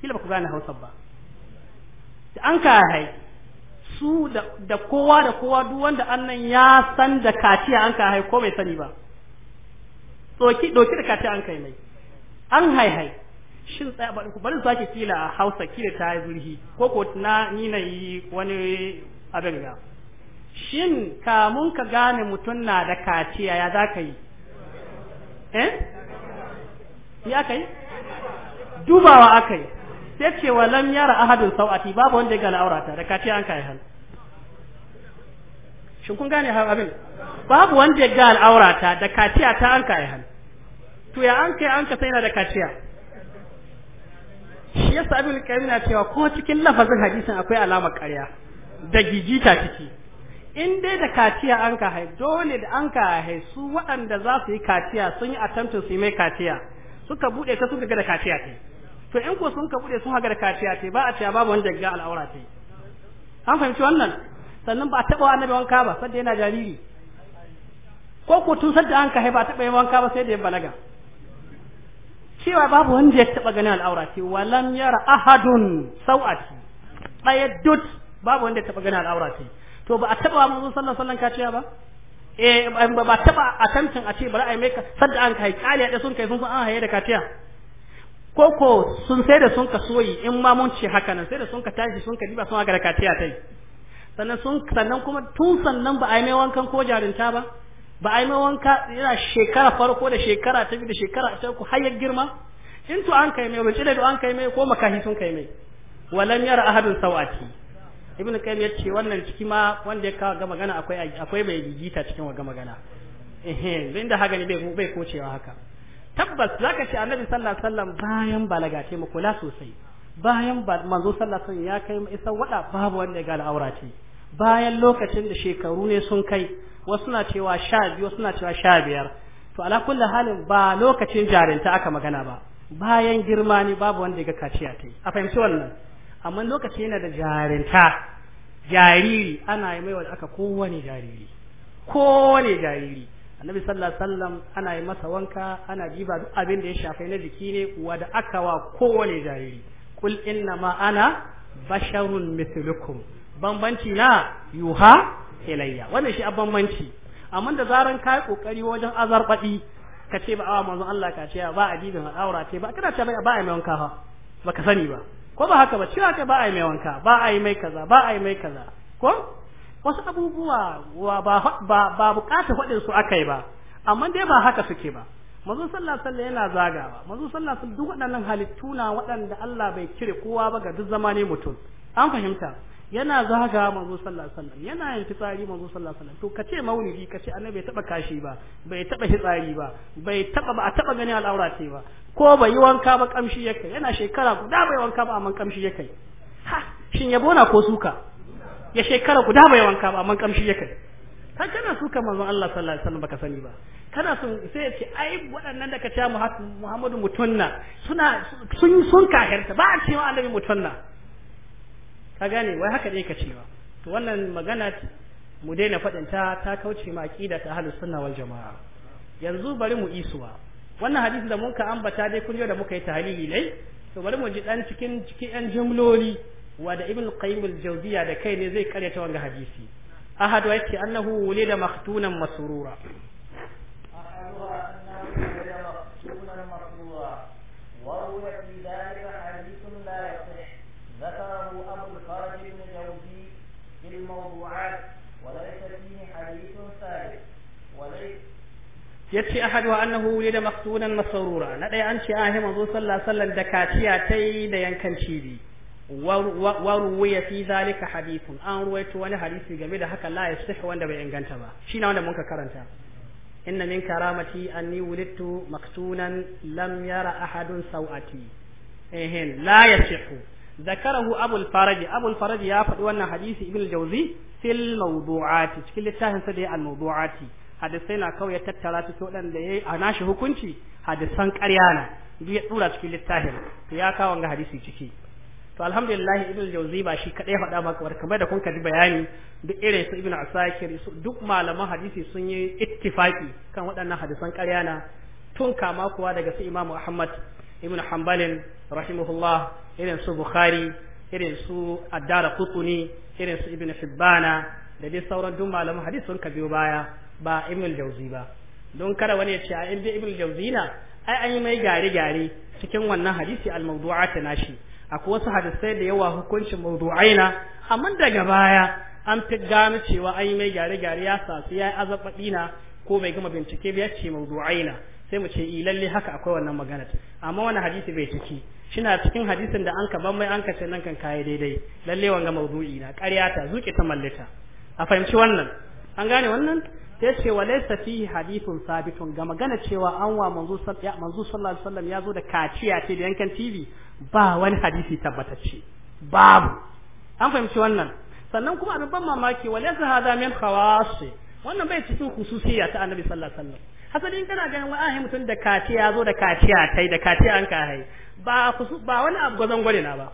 kila ba ku gane hausa ba da an ka hai su da kowa da kowa duk wanda annan ya san da kaciya an ka hai ko bai sani ba doki doki da kaciya an kai mai an hai hai shin tsaya ba ku bari sake kila a Hausa kila ta yi zurhi ko ko na ni na yi wani abin ga shin kamun ka gane mutum na da kaciya ya za ka yi eh ya aka yi dubawa aka yi sai ce wa lam yara ahadun sau'ati babu wanda ya ga al'aurata da kaciya an kai hal shin kun gane abin babu wanda ya ga al'aurata da kaciya ta an kai hal to ya an kai an ka sai na da kaciya shi yasa abin karim na cewa ko cikin lafazin hadisin akwai alamar ƙarya da gigita ciki in dai da kaciya an ka hai dole da an ka hai su waɗanda za su yi kaciya sun yi attempting su yi mai kaciya suka buɗe ta suka ga da kaciya ta to in ko sun ka buɗe sun haga da kaciya ta ba a cewa babu wanda ga al'aura ce an fahimci wannan sannan ba a taɓa annabi wanka ba sadda yana jariri ko ko tun sadda an ka hai ba a taɓa yin wanka ba sai da ya balaga cewa babu wanda ya taba ganin al'aura ce walam yara ahadun sau'ati ɗaya dut babu wanda ya taba ganin al'aura ce to ba a taba manzon sallallahu sallan sallan kaciya ba eh ba taba attempting a ce bari yi mai sadda an kai kali da sun kai sun san an haye da kaciya Ko ko sun sai da sun ka soyi in ma mun ce haka nan sai da sun ka tashi sun ka diba sun haka da kaciya yi sannan sun sannan kuma tun sannan ba a yi mai wankan ko jarinta ba ba a yi wanka yana shekara farko da shekara ta biyu da shekara ta uku har ya girma in to an kai mai ruci da an kai mai ko makahi sun kai mai walam yara ahadun sawati ibnu kayyim ya ce wannan ciki ma wanda ya kawo ga magana akwai akwai mai gigita cikin ga magana eh eh da haka ne bai bai kocewa haka tabbas zaka ce annabi sallallahu alaihi wasallam bayan balaga ce mu kula sosai bayan manzo sallallahu alaihi wasallam ya kai isa wada babu wanda ya ga al'aura ce bayan lokacin da shekaru ne sun kai wasu na cewa sha biyu wasu na cewa sha biyar to ala kulli halin ba lokacin jarinta aka magana ba bayan girma ne babu wanda ya ga kaciya ta yi a fahimci wannan amma lokaci yana da jarinta jariri ana yi mai wa aka kowane jariri kowane jariri annabi sallallahu alaihi wasallam ana yi masa wanka ana jiba duk abin da ya shafe na jiki ne wada aka wa kowane jariri kul inna ma ana basharun mithlukum bambanci na yuha ilayya wannan shi manci amma da zaran kai kokari wajen azarbaɗi ka ce ba awa manzon Allah ka ce ba adibin aura ce ba kana ce ba a mai wanka ba baka sani ba ko ba haka ba cewa ka ba a mai wanka ba yi mai kaza ba yi mai kaza ko wasu abubuwa ba ba ba bukata fadin su akai ba amma dai ba haka suke ba manzon sallallahu alaihi wasallam yana zagawa manzon sallallahu alaihi wasallam duk waɗannan halittuna waɗanda Allah bai kire kowa ba ga duk zamane mutum an fahimta yana zaga manzo sallallahu alaihi wasallam yana yin fitsari manzo sallallahu alaihi wasallam to kace maulidi kace annabi bai taba kashi ba bai taba fitsari ba bai taba ba a taba gani al'aura ce ba ko bai yi wanka ba kamshi yake yana shekara guda bai wanka ba amma kamshi yake ha shin yabo na ko suka ya shekara guda bai wanka ba amma kamshi yake kai kana suka manzo Allah sallallahu alaihi wasallam baka sani ba kana sun sai ya ce ai waɗannan da ka ce Muhammadu mutunna suna sun sun kahirta ba a cewa annabi mutunna ka gane wai haka dai ka cewa to wannan magana mu daina faɗin ta ta kauce ma aqida ta ahlus sunna wal jamaa yanzu bari mu isuwa wannan hadisi da muka ambata dai kun da muka yi tahlili ne to bari mu ji dan cikin cikin yan jumloli wanda ibn qayyim al-jawziya da kai ne zai karyata wannan hadisi ahadu yake annahu wulida maktunan masrura وروي في ذلك حديث لا يصح ذكره أبو الفرج بن جوزي في الموضوعات وليس فيه حديث ثابت وليس yace ahadu annahu wulida maktunan masrura na daya an ce ahi manzo sallallahu alaihi wasallam da kaciya tai da yankan cibi wa ruwiya fi zalika hadithun an ruwaito wani hadisi game da haka la yasih wanda bai inganta ba shine wanda mun ka karanta inna min karamati anni wulidtu maktunan lam yara ahadun sawati ehin la yasihu ذكره أبو الفرج أبو الفرج يا فدوان حديث ابن الجوزي في الموضوعات ya تاهن سدي الموضوعات حدثنا ya تتلا تسولن لي أناش هكونتي حدثان كريانا بي دورا cikin littafin to ya kawo ga hadisi ciki to alhamdulillah ibn jawzi ba shi kadai faɗa maka war da kun ji bayani duk irin su ibn asakir duk malaman hadisi sun yi ittifaki kan waɗannan hadisan ƙarya na tun kama kuwa daga su imamu ahmad ibn hambalin rahimahullah irin su bukhari irin su addara kutuni irin su ibn hibbana da dai sauran duk malaman hadisi sun ka biyo baya ba ibn jawzi ba don kada wani ya ce a inda ibn jawzi na ai an yi mai gare gare cikin wannan hadisi al-mawdu'at nashi akwai wasu hadisai da yawa hukuncin mawdu'aina amma daga baya an fi gano cewa an yi mai gare gare ya sasu ya yi na ko bai gama bincike ba ya ce mawdu'aina sai mu ce i eh, lalle haka akwai wannan magana amma wani hadisi bai ciki na cikin hadisin da an ka mai an ka ce nan kan kai daidai lalle wanga mawdu'i na ƙarya ta zuke ta mallita a fahimci wannan an gane wannan sai ce wa laysa fihi hadithun sabitun ga magana cewa an wa manzo manzo sallallahu alaihi ya zo da kaciya ce da yankan TV ba wani hadisi tabbatacce babu an fahimci wannan sannan kuma abin ban mamaki wa laysa hadha min wannan bai cikin khususiyya ta annabi sallallahu alaihi wasallam in kana ganin wa'ahi mutum da kaciya zo da kaciya tai da kaciya an hai ba kusu ba wani abu gwazon gwale na ba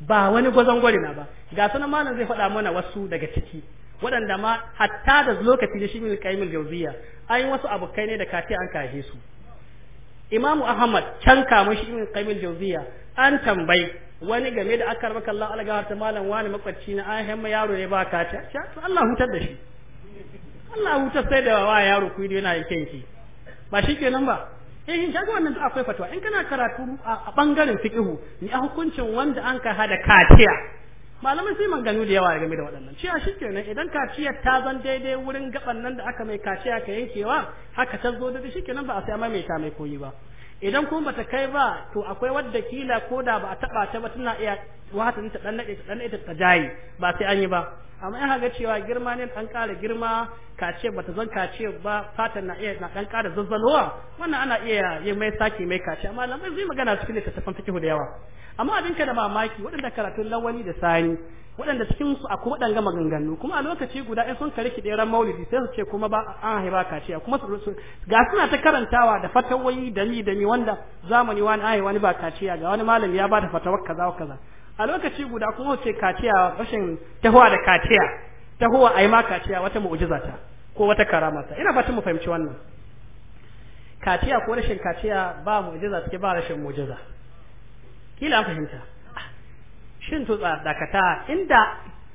ba wani gwazon gwale na ba ga sunan malam zai faɗa mana wasu daga ciki waɗanda ma hatta da lokaci da shi min kaimul jawziya ayin wasu abokai ne da kaciya an kahe su imamu ahmad can kamun shi min kaimul jawziya an tambayi wani game da akar maka Allah alga ta malam wani makwacci na an hemma yaro ne ba kaciya to Allah hutar da shi Allah wuta sai da wa yaro da yana yakin ki ba shi nan ba eh shin shago wannan akwai fatwa in kana karatu a bangaren fiqhu ni a hukuncin wanda an ka hada katiya malamin sai maganganu da yawa game da waɗannan cewa shi idan kaciyar ta zan daidai wurin gaban nan da aka mai kaciya ka yankewa haka ta zo da shi kenan ba a sai mai ta mai koyi ba idan kuma bata kai ba to akwai wadda kila ko da ba a taba ta ba tana iya wata ta dan nade ta dan nade ta jayi ba sai an yi ba amma in haga cewa girma ne dan ƙara girma kace bata zan kace ba fatan na iya na dan ƙara zazzalowa wannan ana iya yin mai saki mai kace amma lamba zai magana cikin littattafan fiqh da yawa amma abin ka da mamaki waɗanda karatun lawani da sani waɗanda cikin su akwai waɗanga maganganu kuma a lokaci guda in sun kare ki ɗeran maulidi sai su ce kuma ba an haifa kaciya kuma su ga suna ta karantawa da fatawai da ni da ni wanda zamani wani an wani ba kaciya ga wani malami ya ba da fatawar kaza kaza a lokaci guda kuma ce kaciya rashin tahowa da kaciya tahowa a yi ma kaciya wata mu'ujiza ta ko wata karama ta ina fatan mu fahimci wannan kaciya ko rashin kaciya ba mu'ujiza take ba rashin mu'ujiza kila an fahimta shin to dakata inda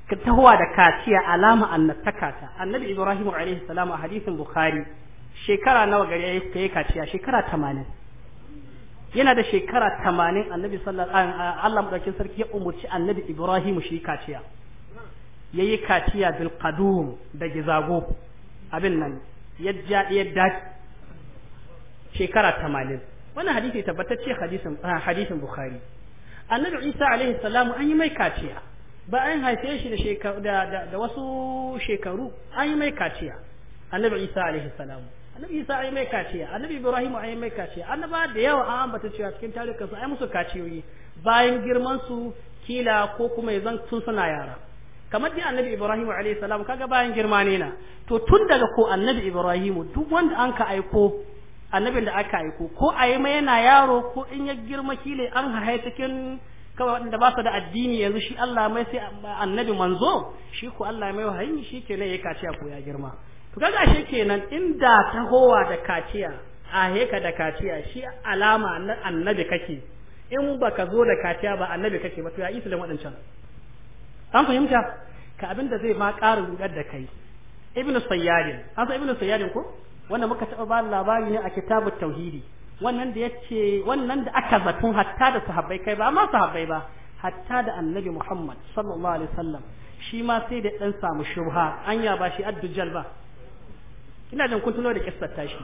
ka tahowa da kaciya alama annataka ta annabi ibrahim alayhi salamu a hadisin bukhari shekara nawa gari yayi kai kaciya shekara 80 yana da shekara 80 annabi sallallahu alaihi Allah madaukin sarki ya umurci annabi ibrahim shi kaciya yayi kaciya bil qadum da gizago abin nan yajja yadda shekara 80 wannan hadisi tabbatacce hadisin hadisin bukhari annabi isa alaihi salamu an yi mai kaciya an haife shi da shekaru da da wasu shekaru an yi mai kaciya annabi isa alaihi salamu annabi isa an yi mai kaciya annabi ibrahim an yi mai kaciya annaba da yawa an ambata cewa cikin tarihin su ai musu kaciyoyi bayan girman su kila ko kuma ya zan tun suna yara kamar dai annabi ibrahim alaihi salamu kaga bayan girma ne na to tun daga ko annabi ibrahim duk wanda an ka aiko annabin da aka aiko ko a yi yana yaro ko in ya girma shi ne an harhai cikin kawai waɗanda ba su da addini yanzu shi Allah mai sai annabi manzo shi ko Allah mai wahayi shi kenan ya kaciya ko ya girma to kaga shi kenan inda tahowa da kaciya a heka da kaciya shi alama na annabi kake in baka zo da kaciya ba annabi kake ba to ya isa da waɗancan an fahimta ka abin da zai ma ƙara rugar da kai ibnu sayyadin an san ibnu sayyadin ko wanda muka taɓa ba labari ne a kitabut tauhidi wannan da yace wannan da aka zato hatta da sahabbai kai ba ma sahabbai ba hatta da annabi Muhammad sallallahu alaihi wasallam shi ma sai da dan samu shubha anya ba shi ad-dujjal ba ina jin kun tuno da kissar tashi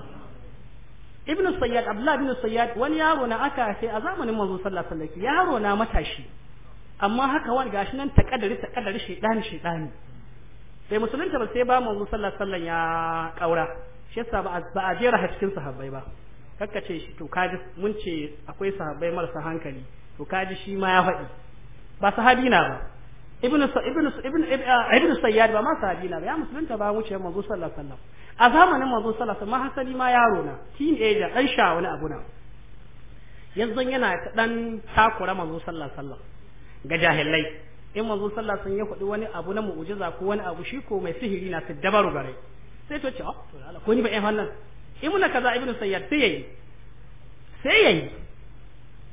ibn sayyad abdullah ibn sayyad wani yaro na aka sai a zamanin manzo sallallahu alaihi wasallam yaro na matashi amma haka wani gashi nan takaddari takaddari shedani shedani sai musulunta ba sai ba manzo sallallahu alaihi wasallam ya kaura shi yasa ba a jera cikin sahabbai ba kakka ce shi to kaji mun ce akwai sahabbai marasa hankali to kaji shi ma ya faɗi ba sahabi na ba ibnu ibnu ibnu ah, ibnu sayyad ba ma sahabi na ba ya musulunta ba wuce manzo sallallahu alaihi wasallam a zamanin manzo sallallahu alaihi wasallam hasali ma yaro na teenager dan sha wani abu na yanzu yana dan takura manzo sallallahu alaihi wasallam ga jahilai in manzo sallallahu alaihi wasallam ya faɗi wani abu na mu'jiza ko wani abu shi ko mai sihiri na dabaru gare sai to ce oh, ko ni ba ɗan wannan imuna kaza ibnu sayyad sai yayi sai yayi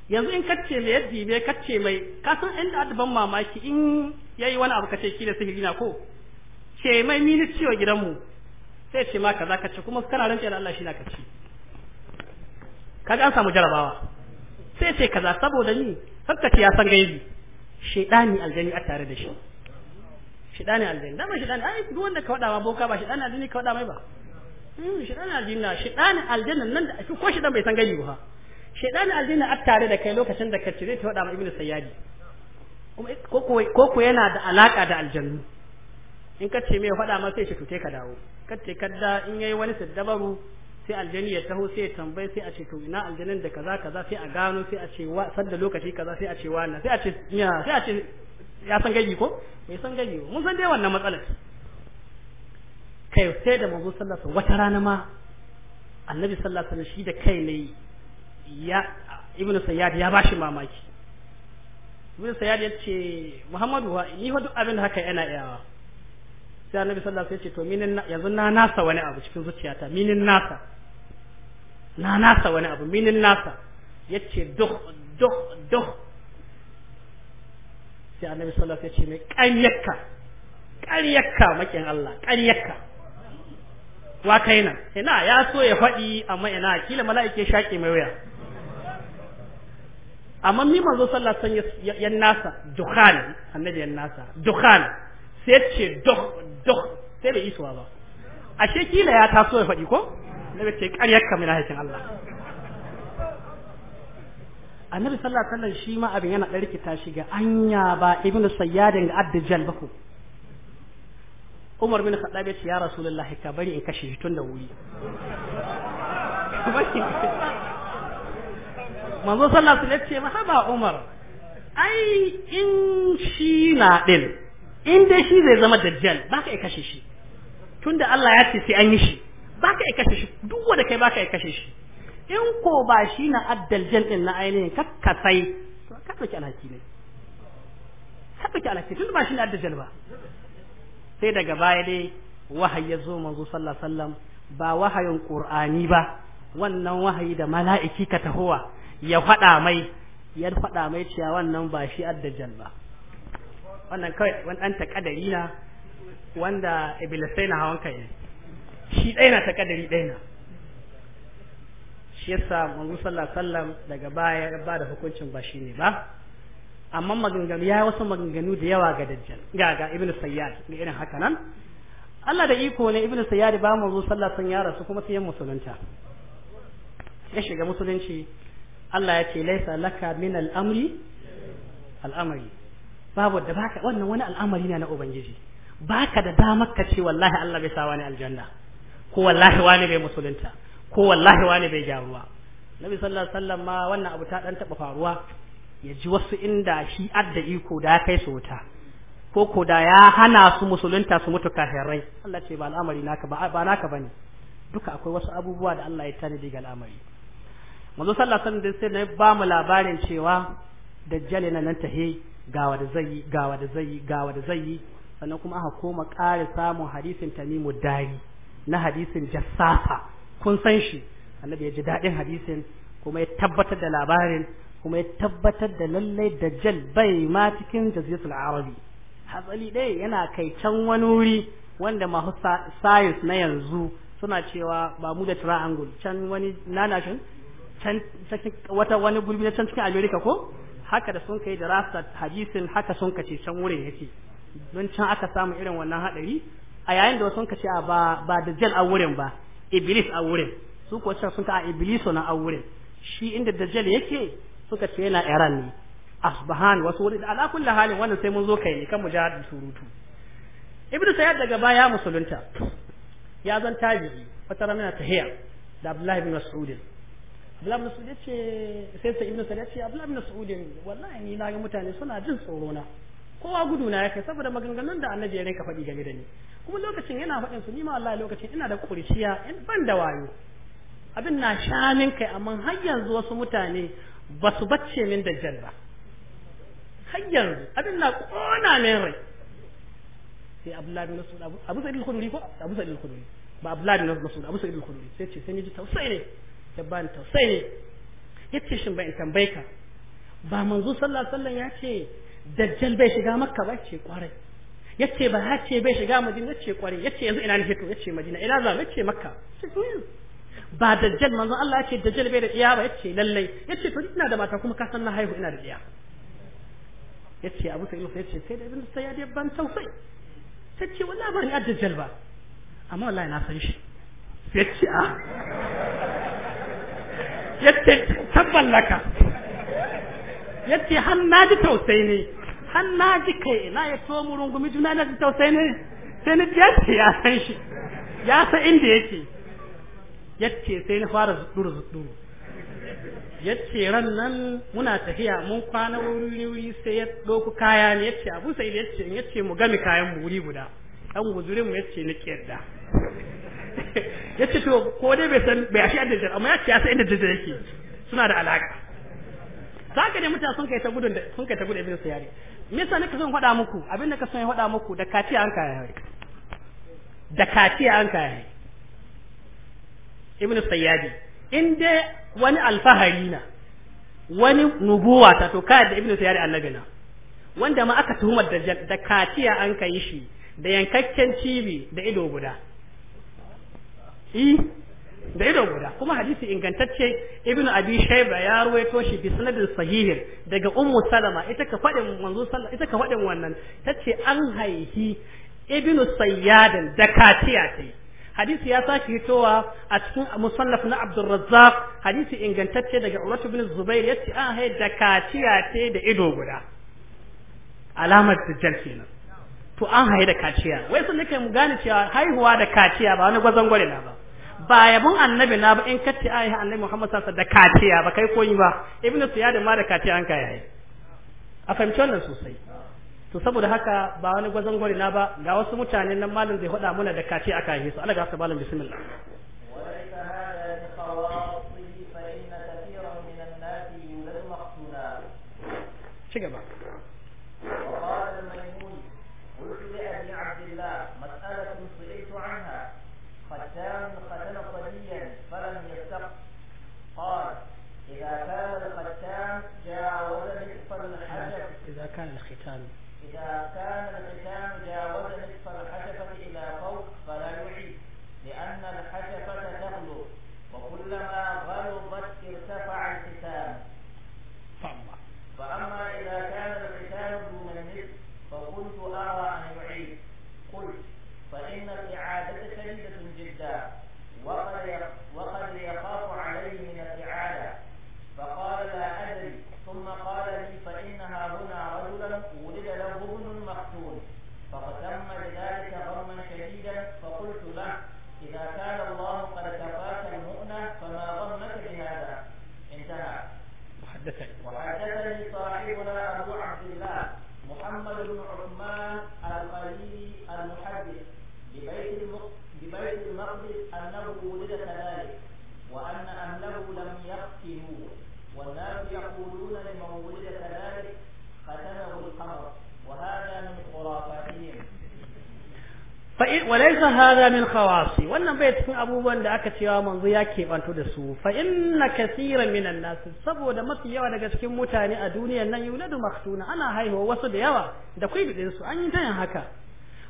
yanzu in kacce mai yaddi mai kacce mai ka san inda adaban mamaki in yayi wani abu kace shi da sihiri na ko ce mai mini ciwo gidanmu sai ce ma kaza kace kuma kana rantsa da Allah shi na kace kaga an samu jarabawa sai ce kaza saboda ni hakka ya san gaibi shedani aljani a tare da shi shidani aljin dama shidani ai duk wanda ka wada ma boka ba shidani aljin ka wada mai ba hmm shidani aljin na shidani aljin nan da ko shidan bai san gani ba shidani aljin a tare da kai lokacin da ka cire ta wada ma ibnu sayyadi ko ko yana da alaka da aljannu in ka ce mai faɗa ma sai shi tute ka dawo ka ce kadda in yayi wani saddabaru sai aljani ya taho sai ya tambayi sai a ce to ina aljanin da kaza kaza sai a gano sai a ce wa sadda lokaci kaza sai a ce na sai a ce ya sai a ce ya san gani ko bai san gaibi mun san dai wannan matsalar kai sai da manzo sallallahu alaihi wata rana ma annabi sallallahu alaihi wasallam shi da kai ne ya ibnu sayyad ya bashi mamaki ibnu sayyad ya ce muhammadu wa ni fa duk abin da haka yana iyawa sai annabi sallallahu alaihi wasallam ya ce to minin yanzu na nasa wani abu cikin zuciyata minin nasa na nasa wani abu minin nasa yace duk duk duk sai annabi sallallahu alaihi wasallam ya ce mai ƙaryakka ƙaryakka makin Allah ƙaryakka wa kaina ina ya so ya faɗi amma ina kila mala'ike shaƙe mai waya amma ni manzo sallallahu alaihi wasallam ya nasa dukhan annabi ya nasa dukhan sai ce dukh dukh sai bai isuwa ba ashe kila ya taso ya faɗi ko ya ce ƙaryakka mai hakin Allah annabi sallallahu alaihi wasallam shi ma abin yana ɗarkita shi ga anya ba ibnu sayyadin ga addajal ba ko Umar bin Khattab ya ce ya Rasulullahi ka bari in kashe shi tun da wuri. Manzo sallallahu alaihi wasallam ya ce mahaba Umar ai in shi na din in dai shi zai zama dajjal baka ya kashe shi tunda Allah ya ce sai an yi shi baka ya kashe shi duk wanda kai baka ya kashe shi in ko ba shi na addal jam'in na ainihin kakkasai ka ɗauki alhaki ne ka ɗauki alhaki tun ba shi na addal ba sai daga baya dai wahayi ya zo manzo sallallahu wasallam ba wahayin qur'ani ba wannan wahayi da mala'iki ka tahowa ya faɗa mai ya faɗa mai cewa wannan ba shi addal ba wannan kawai wani ɗan taƙadari na wanda ibilisai na hawan kai shi ɗaya na taƙadari ɗaya na shi yasa manzo sallallahu sallam daga baya ya bada hukuncin ba shine ba amma maganganu ya wasu maganganu da yawa ga dajjal ga ga ibnu sayyad ga irin haka nan Allah da iko ne ibnu sayyad ba manzo sallallahu alaihi ya rasu kuma sai musulunta ya shiga musulunci Allah ya ce laisa laka min al-amri al-amri babu da baka wannan wani al'amari ne na ubangiji baka da damar ka ce wallahi Allah bai sa wani aljanna ko wallahi wani bai musulunta ko wallahi wani bai gyaruwa nabi sallallahu alaihi wasallam ma wannan abu ta dan taba faruwa ya ji wasu inda shi adda iko da ya kai su wuta ko ko da ya hana su musulunta su mutu kafirai Allah ce ba al'amari naka ba ba naka bane duka akwai wasu abubuwa da Allah ya tanadi ga al'amari manzo sallallahu alaihi wasallam sai ba mu labarin cewa dajjal na nan tahe gawa da zai gawa da zai gawa da zai sannan kuma aka koma ƙara samun hadisin tamimu dari na hadisin jassasa kun san shi annabi ya ji daɗin hadisin kuma ya tabbatar da labarin kuma ya tabbatar da lallai dajjal bai ma cikin jaziratul arabi hazali ɗaya yana kai can wani wuri wanda masu science na yanzu suna cewa ba mu da triangle can wani nanashin can cikin wata wani gurbi na can cikin america ko haka da sun kai da rasa hadisin haka sun kace can wurin yake don can aka samu irin wannan hadari a yayin da sun kace a ba ba jal a wurin ba iblis a wurin su ko can sun ka a ibliso na a wurin shi inda dajjal yake suka ce yana iran ne asbahan wasu wurin ala kulli halin wannan sai mun zo kai ne kan mujahadin surutu ibnu sayyid daga baya musulunta ya zan tabi'i wata ramina tahiya da abdullahi bin mas'ud abdullahi bin mas'ud yace sai sai ibnu sayyid yace abdullahi bin mas'ud wallahi ni ga mutane suna jin tsoro na kowa gudu na ya kai saboda maganganun da annabi ya rinka faɗi game da ni kuma lokacin yana faɗin su nima Allah lokacin ina da kurciya in ban da wayo abin na shanin kai amma har yanzu wasu mutane ba su bacce min da ba har yanzu abin na kona min rai sai abdullahi na suɗa Abu Sa'id al-Khudri ko Abu Sa'id al-Khudri ba abdullahi na suɗa Abu Sa'id al-Khudri sai ce sai ni ji tausayi ne ya ba ni tausayi ne yace shin ba in tambaye ka ba manzo sallallahu alaihi wasallam ya ce dajjal bai shiga makka ba ce kwarai yace ba ce bai shiga madina yace kware yace yanzu ina ne fito yace madina ina za yace makka ba dajjal manzo Allah yace dajjal bai da iya ba yace lalle yace to ina da mata kuma ka san na haihu ina da iya yace Abu Sa'id yace sai da ibn Sayyad ya ban tausai tace wallahi ba ni dajjal ba amma wallahi na san shi yace a ah. yace tabballaka yace har na ji tausayi ne har na ji kai na ya so mu rungumi juna na ji sai ne sai ni yace ya san shi ya san inda yake yace sai na fara zuɗuru zuɗuru yace ran nan muna tafiya mun kwana wuri wuri sai ya doku kaya ne yace abu sai yace yace mu gami kayan mu wuri guda dan guzurin mu yace ni kiyarda *laughs* yace to ko dai bai san bai ashi adda amma yace ya san inda dajjal yake suna da alaka Zaka ne mutane sun kai ta gudun sun kai ta gudun ibn sayari Misa nake zan son faɗa muku abinda ka son faɗa muku da kaciya an kaya da kaciya an kaya Ibn sayyadi in dai wani alfahari na wani nubuwa ta to kaya da Ibn sayyadi annabi na wanda ma aka tuhumar da da katiya an kai shi da yankakken cibi da ido guda i da ido guda kuma hadisi ingantacce ibnu abi shayba ya ruwaito shi bi sanadin sahihin daga ummu salama ita ka fadin manzo sallallahu ita ka fadin wannan tace an haihi ibnu sayyadan da katiya ce hadisi ya saki hitowa a cikin musannaf na abdul razzaq hadisi ingantacce daga umar ibn zubair yace an haihi da katiya ce da ido guda alamar dajjal kenan to an haihi da kaciya wai sun nake mu gane cewa haihuwa da kaciya ba wani gwazon gware ba ba yabon annabi na ba in kace ayi annabi Muhammad sallallahu alaihi wasallam da kaciya ba kai koyi ba ibnu siyad ma da kaciya an kai yayi a fahimci wannan sosai to saboda haka ba wani gwazon gwari na ba ga wasu mutane nan malam zai hada muna da kaciya aka yi su Allah ga malam bismillah ci gaba كان الختان إذا كان الختان جاوز نصف الحشفة إلى فوق فلا يعيد لأن الحشفة تغلو وكلما وليس هذا من خواصي wannan bai cikin abubuwan da aka cewa manzo ya bantu da su fa inna kaseeran minan nas saboda mafi yawa daga cikin mutane a duniya nan yuladu maktuna ana haihuwa wasu da yawa da kuidin su an yi ta haka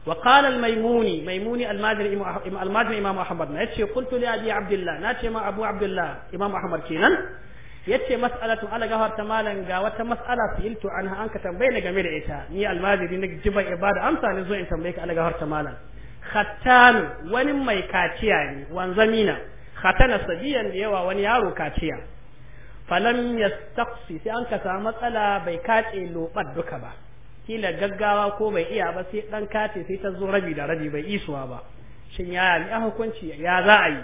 wa qala al-maimuni maimuni al-madri imam ahmad na yace qultu li abi abdullah na ce ma abu abdullah imam ahmad kenan yace mas'alatu ala gafar ta malan ga wata mas'ala fi'iltu anha an ka tambaye ni game da ita ni al-madri ni jiban ibada amsa ni zo in tambayi ka ala gafar ta malan khattan wani mai kaciya ne wanzamina khatana sabiyan da yawa wani yaro kaciya falam yastaqsi sai an kasa matsala bai kace lobar duka ba kila gaggawa ko bai iya ba sai dan kace sai ta zo rabi da rabi bai isuwa ba shin ya yi hukunci ya za a yi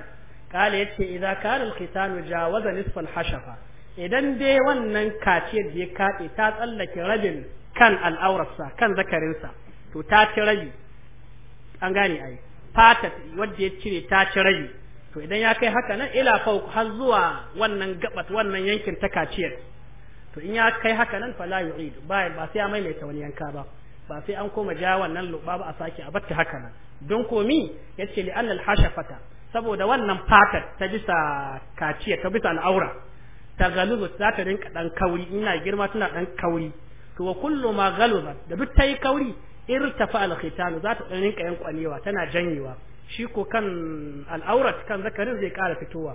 kale yace idza kana al-khitanu jawaza nisfa al-hashafa idan dai wannan kaciyar da ya kace ta tsallake rabin kan al'aurarsa kan zakarinsa to ta ci rabi an gane ai fata wanda ya cire ta ci rai to idan ya kai haka nan ila fauk har zuwa wannan gabat wannan yankin ta kaciyar to in ya kai haka nan la yu'id ba ba sai ya maimaita wani yanka ba ba sai an koma ja wannan lubba ba a sake a batta haka nan don komi yace li annal hashafata saboda wannan fatar ta bisa kaciya ta bisa al'aura ta galuzu za ta rinka dan kauri ina girma tana dan kauri to wa kullu ma galuba da duk tayi kauri irtafa al-khitanu za ta rinka yankwanewa tana janyewa shi ko kan al'aurat kan zakarin zai kara fitowa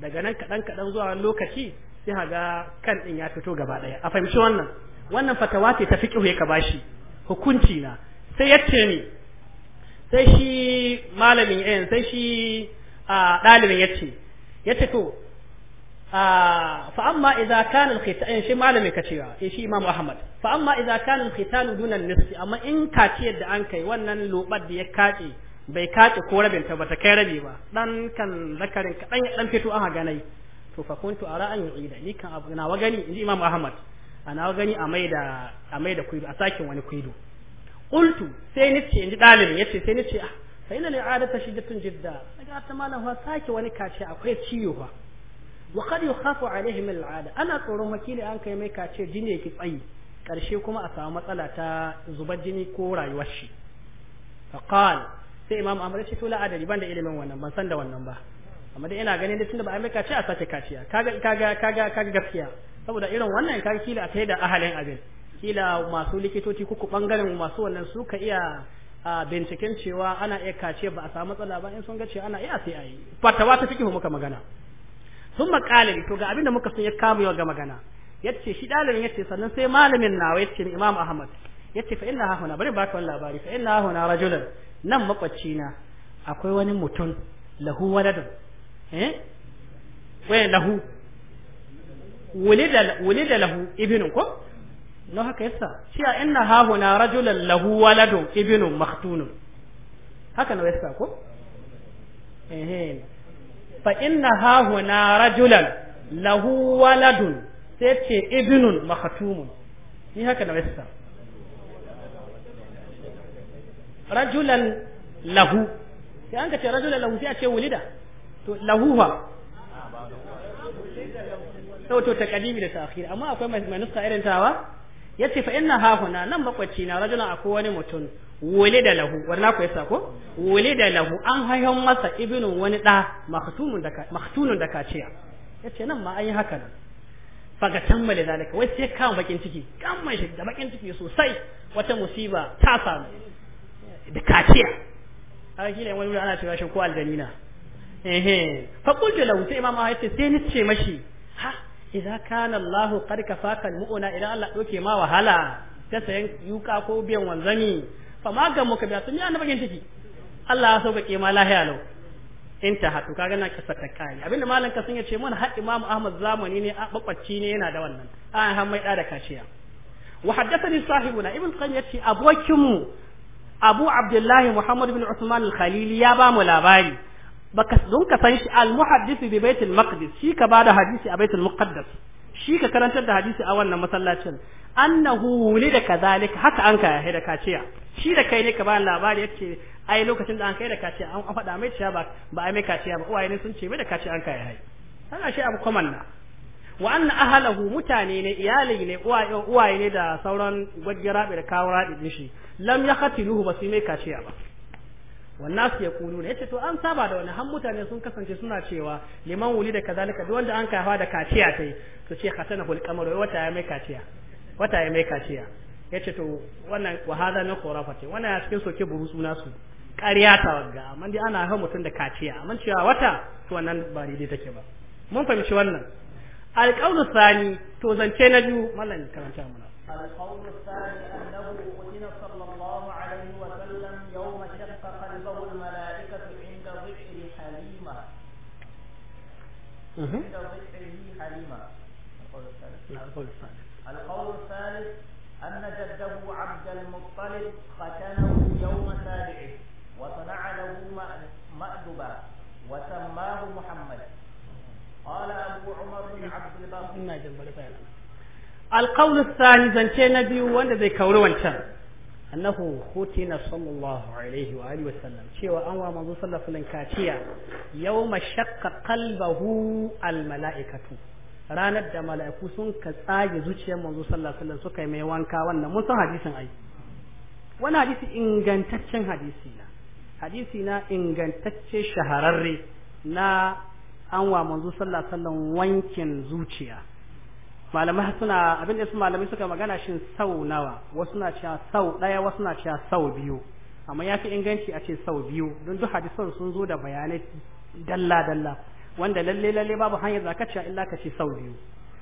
daga nan kaɗan kaɗan zuwa lokaci sai ga kan ɗin ya fito gaba ɗaya a fahimci wannan wannan fatawa ce ta fiqh ya ka bashi hukunci na sai yace ni sai shi malamin yan eh, sai shi a ah, ɗalibin yace, yace to fa amma idza kana al-khitan shi malami shi imamu ahmad fa amma idza kana al-khitan duna amma in kaciyar da an kai wannan lobar da ya kace bai kace ko rabin ta ta kai rabi ba dan kan zakarin ka dan fito an haga nai to fa kuntu ara an yu'ida ni kan wagani inji imamu ahmad ana wagani a maida a maida a sakin wani kuido qultu sai ni ce dalibin sai ni ce ta malam sake wani kaciya akwai ciwo fa wa kad yukhafu alaihim al'ada ana tsoron wakili an kai mai kace jini yake tsayi karshe kuma a samu matsala ta zubar jini ko rayuwar shi qala sai imam amr shi to la adari ban da ilimin wannan ban san da wannan ba amma dai ina ganin da tunda ba a mai kace a sake kaciya kaga kaga kaga kaga gaskiya saboda irin wannan kan kila a kai da ahalin abin kila masu likitoci kuku bangaren masu wannan su ka iya a binciken cewa ana iya kace ba a samu matsala ba in sun ga cewa ana iya sai a yi fatawa ta mu muka magana sun makalari to ga abin da muka sun ya kama yau ga magana ya ce shi ɗalibin ya ce sannan sai malamin nawa ya ce imam ahmad ya ce fa'in na bari ba ka wani labari fa'in na hahuna rajulan nan makwacci na akwai wani mutum lahu waladun eh wani lahu wulida lahu Ibnu ko na haka yasa shi a inna hahuna rajulan lahu waladun Ibnu maktunun haka na yasa ko ehe fa inna hahuna rajulan lahu waladun sai ce ibnun mahatumun ni haka na rajulan lahu sai an ka ce rajulan lahu sai a ce wulida to lahu amma akwai mai nuska irin tawa yace fa inna hahuna nan makwacci na rajulan akwai wani mutum wule da lahu wannan ku yasa ko wule da lahu an haihon masa ibinu wani da maktunun da maktunun da kaciya yace nan ma an yi haka nan faga tammale zalika wai sai kawo bakin ciki kamman shi da bakin ciki sosai wata musiba ta samu da kaciya a kila wani ana cewa shi ko aljanina ehe fa qultu lahu sai imam ya ce sai ni ce mashi idan kana Allahu qad kafaka almu'na idan Allah doke ma wahala ta sayan yuka ko biyan wanzami fa magan muka biya sun yi annabin take Allah ya sauƙaƙe ma lahiya lau in ta haɗu kaga na kasa ta abinda malam ka sun ya ce mana har Imam Ahmad zamani ne a babacci ne yana da wannan a han mai da kashiya wa haddathani sahibuna ibn qayyim yace abokinmu Abu Abdullahi Muhammad bin Usman al-Khalili ya ba mu labari baka don ka san shi al-muhaddisi bi baitul maqdis shi ka bada hadisi a baitul muqaddas shi ka karantar da hadisi a wannan masallacin annahu wulida kadhalika haka an ka yahe da kaciya shi da kai ne ka bani labari yace ai lokacin da an kai da kaciya an faɗa mai ciya ba ba ai mai kaciya ba uwaye ne sun ce mai da kaciya an ka yahe sana shi abu common na wa anna ahlahu mutane ne iyali ne uwaye ne da sauran gwaggira da kawo raɗin shi lam yakhatiluhu ba su mai kaciya ba wannan su ya kulu yace to an saba da wani har mutane sun kasance suna cewa liman wuli da kazalika duk wanda an kafa da kaciya tai to ce hul qamar wata ya mai kaciya wata ya mai kaciya yace to wannan wa hada na khurafati wannan ya cikin soke buru suna su ƙarya ta wagga amma dai ana hawa mutum da kaciya amma cewa wata to wannan ba daidai take ba mun fahimci wannan alqaulu Sani to zance na biyu mallan karanta mana alqaulu sani annahu عند صحه حليما القول الثالث القول الثالث أن جده عبد المطلب ختنه يوم سابعه وصنع له مأدبة وسماه محمد قال أبو عمر بن عبد البر القول الثالث أن نبي وانا ذي كورو annahu hutina sallallahu alaihi wa alihi wasallam cewa an wa manzo sallallahu alaihi kaciya yawma shaqqa qalbahu al mala'ikatu ranar da mala'iku sun ka tsage zuciyar manzo sallallahu alaihi suka yi mai wanka wannan mun san hadisin ai wani hadisi ingantaccen hadisi na hadisi na ingantacce shahararre na an wa manzo sallallahu alaihi wasallam wankin zuciya malamai suna abin da su malamai suka magana shin sau nawa wasu na cewa sau ɗaya wasu na cewa sau biyu amma ya fi inganci a ce sau biyu don duk hadisan sun zo da bayanai dalla dalla wanda lalle lalle babu hanyar zaka ce illa ka ce sau biyu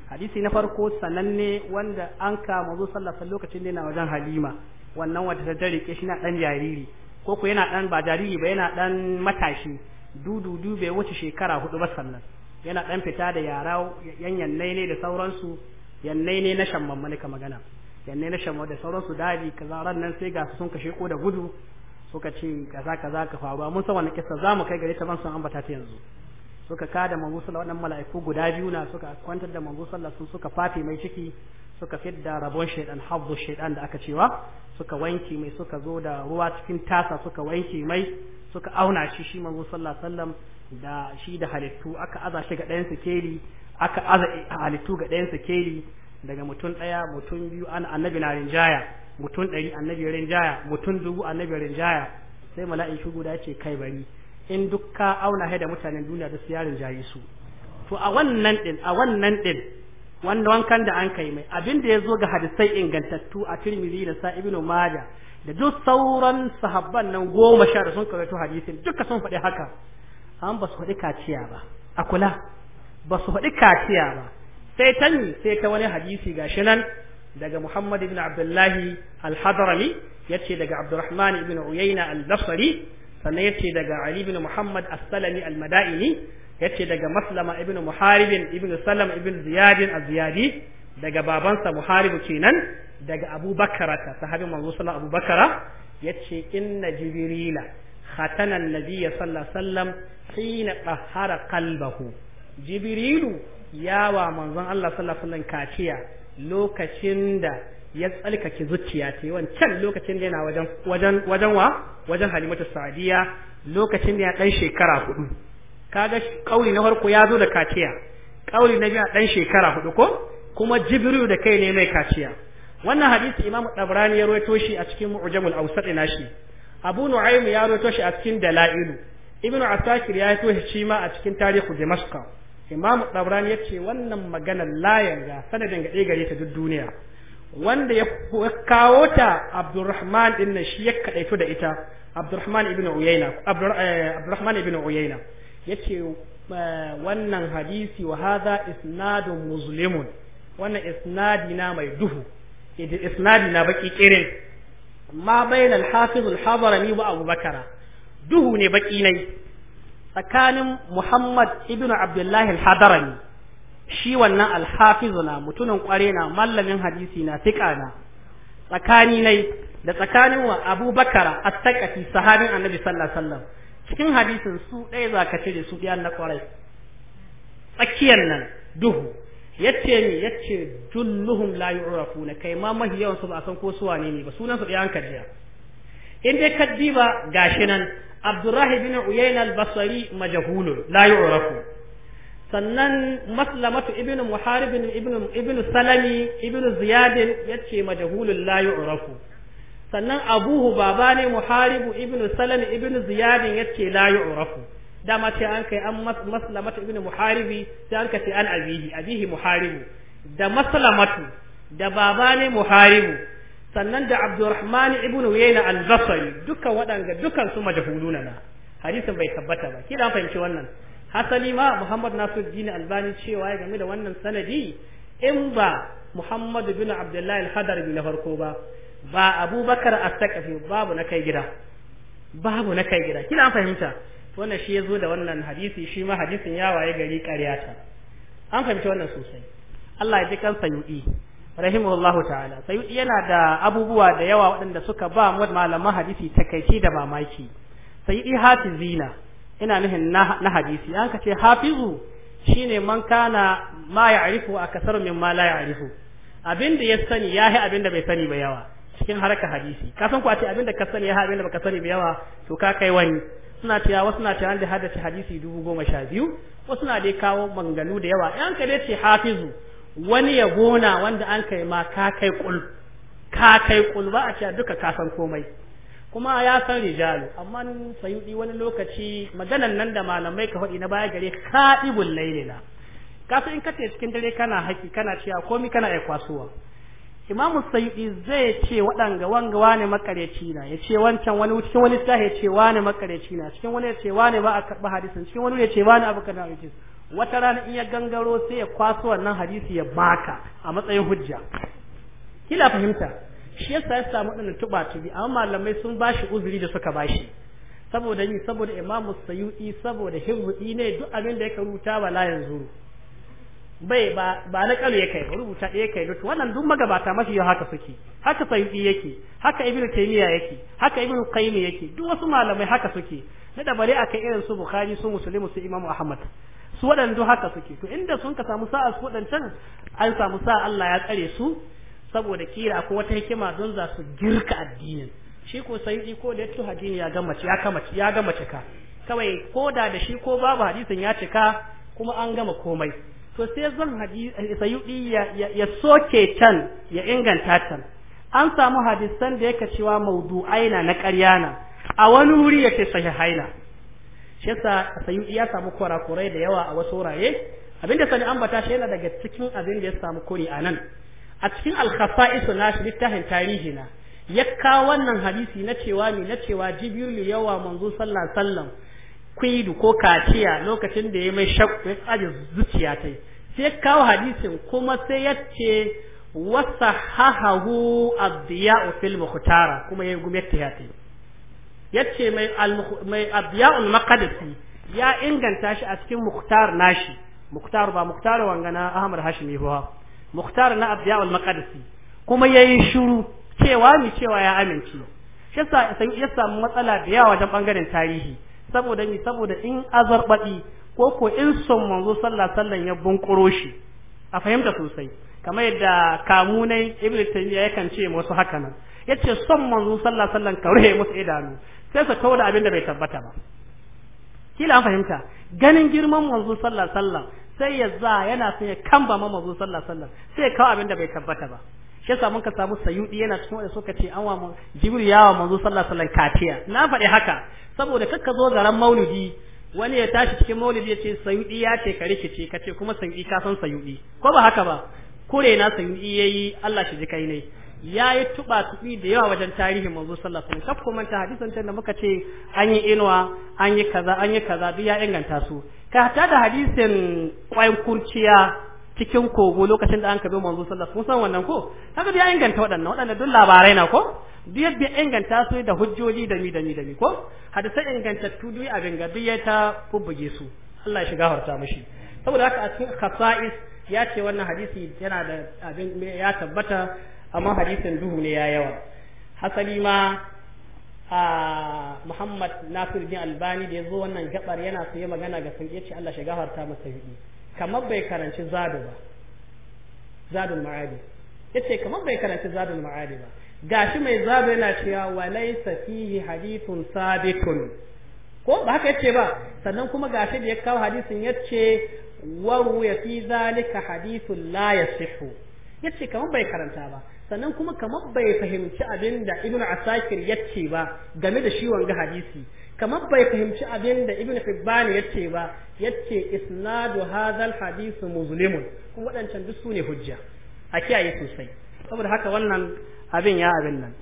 hadisi na farko sananne wanda an kama zo sallah lokacin da yana wajen halima wannan wanda ta dare shi na dan jariri ko ko yana dan ba jariri ba yana dan matashi dudu bai wuce shekara hudu ba sannan yana ɗan fita da yara yan yannai ne da sauransu yannai ne na shamman malika magana yannai na shamman da sauransu daji kaza ran nan sai ga sun kashe ko da gudu suka ce kaza kaza ka faru mun san wannan kissa zamu kai gare ta ban san ambata ta yanzu suka kada manzo sallallahu alaihi mala'iku guda biyu na suka kwantar da manzo sallallahu suka fati mai ciki suka fidda rabon shaidan habbu shaidan da aka cewa suka wanki mai suka zo da ruwa cikin tasa suka wanki mai suka auna shi shi manzo sallallahu alaihi wasallam da shi da halittu aka aza shi ga ɗayan sikeli aka aza halittu ga ɗayan sikeli daga mutum ɗaya mutum biyu ana annabi na rinjaya mutum ɗari annabi rinjaya mutum dubu annabi rinjaya sai mala'iku guda ce kai bari in ka auna da mutanen duniya da su yarin jayi su to a wannan ɗin a wannan ɗin wanda wankan da an kai mai abin da ya zo ga hadisai ingantattu a tirmidhi da sa ibnu majah da duk sauran sahabban nan goma sha da sun karatu hadisin duka sun faɗi haka an ba su faɗi kaciya ba a kula ba su faɗi kaciya ba sai ta sai ta wani hadisi gashi nan daga Muhammad ibn Abdullahi al ya yace daga Abdurrahman ibn Uyayna al-Basri sannan yace daga Ali ibn Muhammad as-Salami al-Madaini yace daga Maslama ibn muharibin ibn Salam ibn Ziyadin az-Ziyadi daga babansa Muharib kenan daga Abubakar ta sahabin manzo sallallahu Abu Bakara yace inna Jibrila khatana an-nabiy sallallahu alaihi wasallam hina tahara qalbahu jibrilu wa manzon Allah sallallahu alaihi wasallam kaciya lokacin da ya tsalkake zuciya ta yi wancan lokacin da yana wajen wajen wajen wa wajen halimatu sa'diya lokacin da ya dan shekara hudu kaga kauli na farko ya zo da kaciya kauli na biyu dan shekara hudu ko kuma jibrilu da kai ne mai kaciya wannan hadisi imamu dabrani ya rawaito shi a cikin mu'jamul awsat shi abu nu'aym ya rawaito shi a cikin dalailu ibnu asakir ya yi shi ma a cikin tarihu dimashqa dabran ya yace wannan magana la yanga sanadin ga gare ta duk duniya wanda ya kawo ta abdurrahman din shi ya kadaito da ita abdurrahman ibn uyayna eh, abdurrahman ibn uyayna yace eh, wannan hadisi wa hadha isnadun muslimun wannan isnadi na mai duhu isnadi na baki kirin ma bainal hafiz al-hadrami wa abubakara duhu ne baki nai tsakanin Muhammad ibn Abdullahi al-Hadarani shi wannan alhafizu na mutumin kware na mallamin hadisi na fiƙa na tsakani nai da tsakanin wa abubakar as sahabin annabi sallallahu alaihi cikin hadisin su ɗaya zaka ce da su ɗaya na kwarai tsakiyar nan duhu yace ni yace julluhum la yu'rafuna kai ma mahiyawansu ba san ko suwa ne ba sunan su ɗaya an kajiya in dai kaddiba gashi nan abdurrahi bin uyayna al-basri majhul la yu'rafu sannan maslamatu ibnu muharib ibnu ibnu salami ibnu ziyad yace majhul la yu'rafu sannan abuhu baba ne muharibu ibnu salami ibnu ziyad yace la yu'rafu dama ce an kai an maslamatu ibnu muharibi sai an kai an abihi abihi muharibu da maslamatu da baba ne muharibu sannan da Abdurrahman ibn Uyayna al-Basri dukkan wadanga dukkan su majhuluna na hadisin bai tabbata ba kidan fahimci wannan hasali ma Muhammad Nasiruddin Albani cewa ya game da wannan sanadi in ba Muhammad bin Abdullahi al-Hadar na farko ba ba Abubakar as-Saqafi babu na kai gida babu na kai gida kidan fahimta wannan shi yazo da wannan hadisi shi ma hadisin ya waye gari ƙaryata an fahimci wannan sosai Allah ya ji kan sanyu'i rahimahullahu ta'ala sai yana da abubuwa da yawa waɗanda suka ba malaman hadisi takaici da mamaki sai i hafizina ina nuhin na hadisi an ka ce hafizu shine man kana ma ya'rifu akasar min ma la ya'rifu abinda ya sani ya abin abinda bai sani ba yawa cikin haraka hadisi ka san ku a ce abinda ka sani yahi abinda baka sani ba yawa to ka kai wani suna cewa wasu na cewa da hadisi dubu goma sha biyu wasu na dai kawo manganu da yawa yan ka dai ce hafizu wani ya gona wanda an kai ma ka kai kul ka kai kul ba a cewa duka ka san komai kuma ya san rijalu amma sayudi wani lokaci maganan nan da malamai ka faɗi na baya gare ka ibul lailila ka san in ka ce cikin dare kana haki kana cewa komai kana ai kwasuwa imam sayudi zai ce waɗanga wanga wane makareci na ya ce wancan wani cikin wani ta ya ce wane makareci na cikin wani ya ce wane ba a karba hadisin cikin wani ya ce wane abu kana hadisin wata rana in ya gangaro sai ya kwaso wannan hadisi ya baka a matsayin hujja kila fahimta shi yasa ya samu ɗin tuba tubi amma malamai sun bashi uzuri da suka bashi saboda ni saboda imam sayu'i saboda hibbu ne duk abin da yake rubuta ba yanzu bai ba ba na kalu yake ba rubuta ɗaya kai lutu wannan duk magabata mafi yau haka suke haka sayu'i yake haka ibn taymiya yake haka ibn qayyim yake duk wasu malamai haka suke na da bare akan irin su bukhari su muslim su imamu ahmad su waɗanda haka suke to inda sun ka samu sa'a su waɗancan an samu sa'a Allah ya tsare su saboda kira ko wata hikima don za su girka addinin shi ko sai ko da yato hadini ya gama ya gama ya gama cika kawai ko da da shi ko babu hadisin ya cika kuma an gama komai to sai zan hadisi yi ya, ya soke can ya inganta can an samu hadisan da yake cewa maudu'aina na ƙarya nan. a wani wuri yake sahihaina shi yasa sayuɗi ya samu kurakurai da yawa a wasu wurare abinda sani ambata shi yana daga cikin abin da ya samu kuri a nan a cikin alkhasa'isu na shi littafin tarihi na ya kawo wannan hadisi na cewa ne na cewa jibiru yawa manzo sallallahu wasallam kuidu ko kaciya lokacin da ya mai shakku ya tsaje zuciya ta sai ya kawo hadisin kuma sai ya ce wasahahu ad-diya'u fil mukhtara kuma ya gumetta ya yace mai mai abyaul maqdisi ya inganta shi a cikin muktar nashi muktar ba muktar wangana ahmad hashimi huwa muktar na abyaul maqdisi kuma yayi shiru cewa mi cewa ya amince shi yasa ya samu matsala da yawa wajen bangaren tarihi saboda ni saboda in azarbaɗi ko ko in son manzo sallah sallan ya bunkuro shi a fahimta sosai kamar yadda kamunai ibnu taymiya yakan ce musu haka nan yace son manzo sallah sallan ka rufe musu idanu sai su da abin da bai tabbata ba kila an fahimta ganin girman manzo sallah sallah sai ya za yana son ya kamba ma manzo sallah sallah sai ya kawo abin da bai tabbata ba shi yasa mun ka samu sayudi yana cikin wanda suka ce an wa jibril ya wa manzo sallah sallah na faɗi haka saboda kakka zo garan maulidi wani ya tashi cikin maulidi ya ce sayudi ya ce ka rikice ka ce kuma sayudi ka san sayudi ko ba haka ba kure na sayudi yayi Allah shi ji kai ne ya yi tuba tuɓi da yawa wajen tarihin manzo sallallahu alaihi wasallam kafin manta hadisan da muka ce an yi inuwa an yi kaza an yi kaza duk ya inganta su ka hata da hadisin kwayan kurciya cikin kogo lokacin da an kabe manzo sallallahu alaihi wasallam wannan ko kaga ya inganta waɗannan waɗannan duk labarai na ko duk ya inganta su da hujjoji da mi da mi da mi ko hadisai inganta duk abin ga duk ya ta bubbuge su Allah ya shiga harta mashi saboda haka a cikin khasa'is ya ce wannan hadisi yana da abin ya tabbata amma hadisin duhu ne ya yawa hasali ma a Muhammad bin Albani da ya zo wannan gabar yana su magana ga sun ce Allah shiga harta masa hudi kamar bai karanci zadu ba zadun ma'adi ce kamar bai karanci zadun ma'adi ba gashi mai zadu yana cewa wa laisa fihi hadithun sabitun ko ba haka yace ba sannan kuma gashi da ya kawo hadisin yace waru ya fi zalika hadithun la yasihu yace kamar bai karanta ba sannan kuma kamar bai fahimci abin da ibnu asakir ya ce ba game da shi wanga hadisi kamar bai fahimci abin da ibnu hibban ya ce ba ya ce isnadu hadhal hadisi muzlimun kuma waɗancan duk su ne hujja a kiyaye sosai saboda haka wannan abin ya abin nan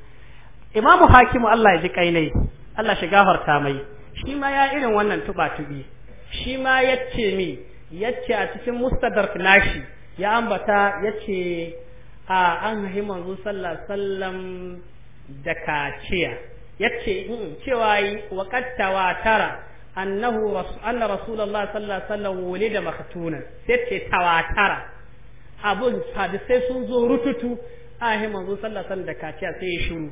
imamu hakimu Allah ya ji kainai Allah shi gafarta mai shi ma ya irin wannan tuba tubi shi ma ya ce mi ya ce a cikin mustadrak nashi ya ambata ya ce a an haihi manzo sallallahu sallam da kaciya yace hmm, cewa yi wa qad tawatara annahu anna rasulullah sallallahu alaihi wasallam da makatunan. sai ce tawatara abun sai sun zo rututu a haihi manzo sallallahu sallam da kaciya sai ya shuru.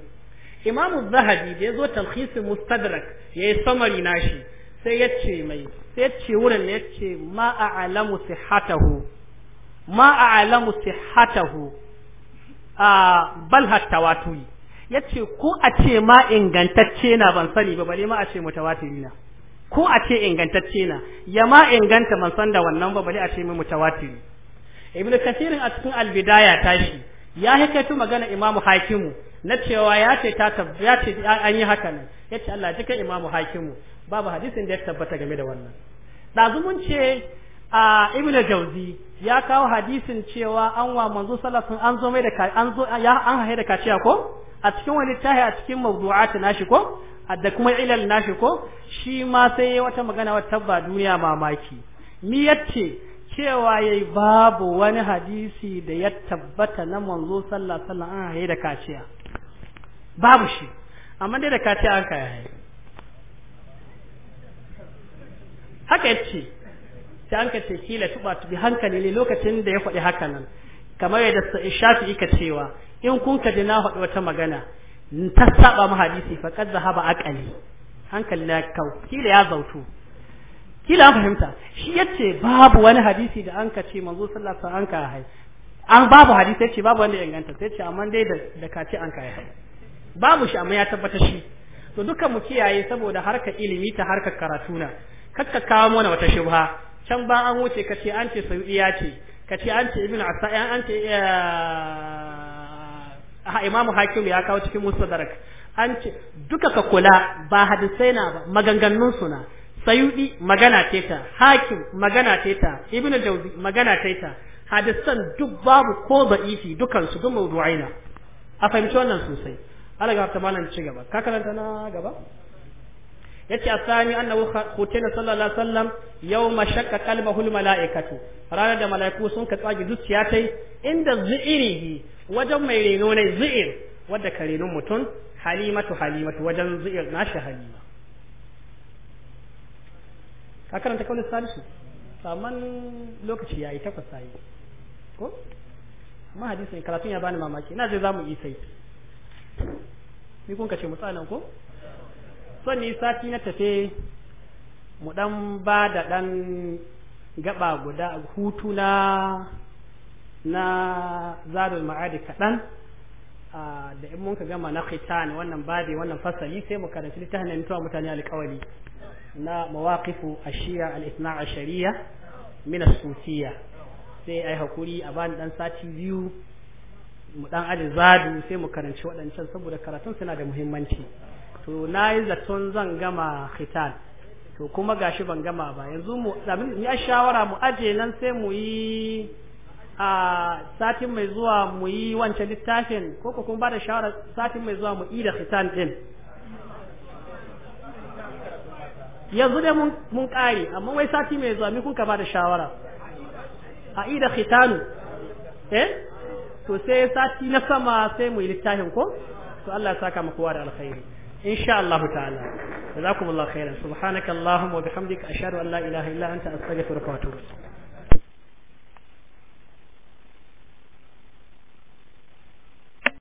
imamu zahabi da ya zo talhisin mustadrak ya yi samari nashi sai ya ce mai sai ya ce wurin ya ce ma a alamu sihatahu ma a alamu sihatahu bal hatta ya ce ko a ce ma ingantacce na ban sani ba bale ma a ce mutawatiri na ko a ce ingantacce na ya ma inganta ban san da wannan ba bale a ce mai mutawatiri ibnu Kathirin a cikin albidaya tashi ya hikaitu magana imamu hakimu na cewa ya ce ta ya ce an yi haka nan ce Allah jikan imamu hakimu babu hadisin da ya tabbata game da wannan dazumun ce a al jauzi ya kawo hadisin cewa an wa manzo salafin an zo mai da an zo ya an haye da kaciya ko a cikin wani tahi a cikin mawdu'at nashi ko da kuma ilal nashi ko shi ma sai wata magana wata tabba duniya mamaki ni yace cewa yayi babu wani hadisi da ya tabbata na manzo sallallahu alaihi wasallam an haye da kaciya babu shi amma dai da kaciya an kai haka yace ta an ta kila tuba bi hankali ne lokacin da ya faɗi haka nan kamar yadda shafi'i ka cewa in kun ka na faɗi wata magana ta saba mu hadisi fa kad zahaba aqali hankali na kau kila ya zautu kila an fahimta shi yace babu wani hadisi da an kace manzo sallallahu alaihi wasallam an ka hai an babu hadisi yace babu wanda ya inganta sai ce amma dai da kace an ka hai babu shi amma ya tabbata shi to dukan mu kiyaye saboda harka ilimi ta harka karatuna kakka kawo mana wata shubha can ba an wuce ka ce an ce saudi ya ce ka ce an ce ibn asa an ce eh, ah, imamu hakim ya kawo cikin musadarak an ce duka ka kula ba hadisai na ba maganganun suna sayudi magana teta hakim magana teta ibn jawzi magana teta hadisan duk babu ko da'ifi dukan su duk mawdu'aina a fahimci wannan sosai Allah ga ta malam ci gaba ka karanta na gaba yace asani annahu khutina sallallahu alaihi wasallam yawma shakka qalbahu almalaikatu ranar da malaiku sun ka tsage zuciya tai inda zuirihi wajen mai reno ne zu'ir wadda ka renon mutum halimatu halimatu wajen zu'ir nashi halima ka karanta kawai salisu saman lokaci yayi takwas sai ko amma hadisi karatun ya bani mamaki na je zamu yi sai ni kun ka ce mutsalan ko son ni sati na tafe mu dan ba da dan gaba guda hutu na na zadul ma'adi kaɗan da in mun ka gama na khitan wannan bade wannan fasali sai mu karanci littafin da mutane alƙawari na mawaqifu ashiya al-ithna ashariya min as-sufiyya sai ai hakuri a bani dan sati biyu mu dan aje zadu sai mu karanci waɗancan saboda karatun suna da muhimmanci to na yi zaton zan gama khitan to kuma gashi ban gama ba yanzu mu ya shawara mu aje nan sai mu yi a satin mai zuwa mu yi wancan littafin ko ko kuma ba da shawara satin mai zuwa mu yi da khitan din yanzu dai mun kare amma wai sati mai zuwa mi kun ka ba da shawara a yi da khitanu eh to sai sati na sama sai mu yi littafin ko to Allah ya saka mu kowa da alkhairi insha allahu ta'ala jazakumullahu khairan subhanakallahumma wa bihamdika ashhadu an la ilaha illa anta astaghfiruka wa atubu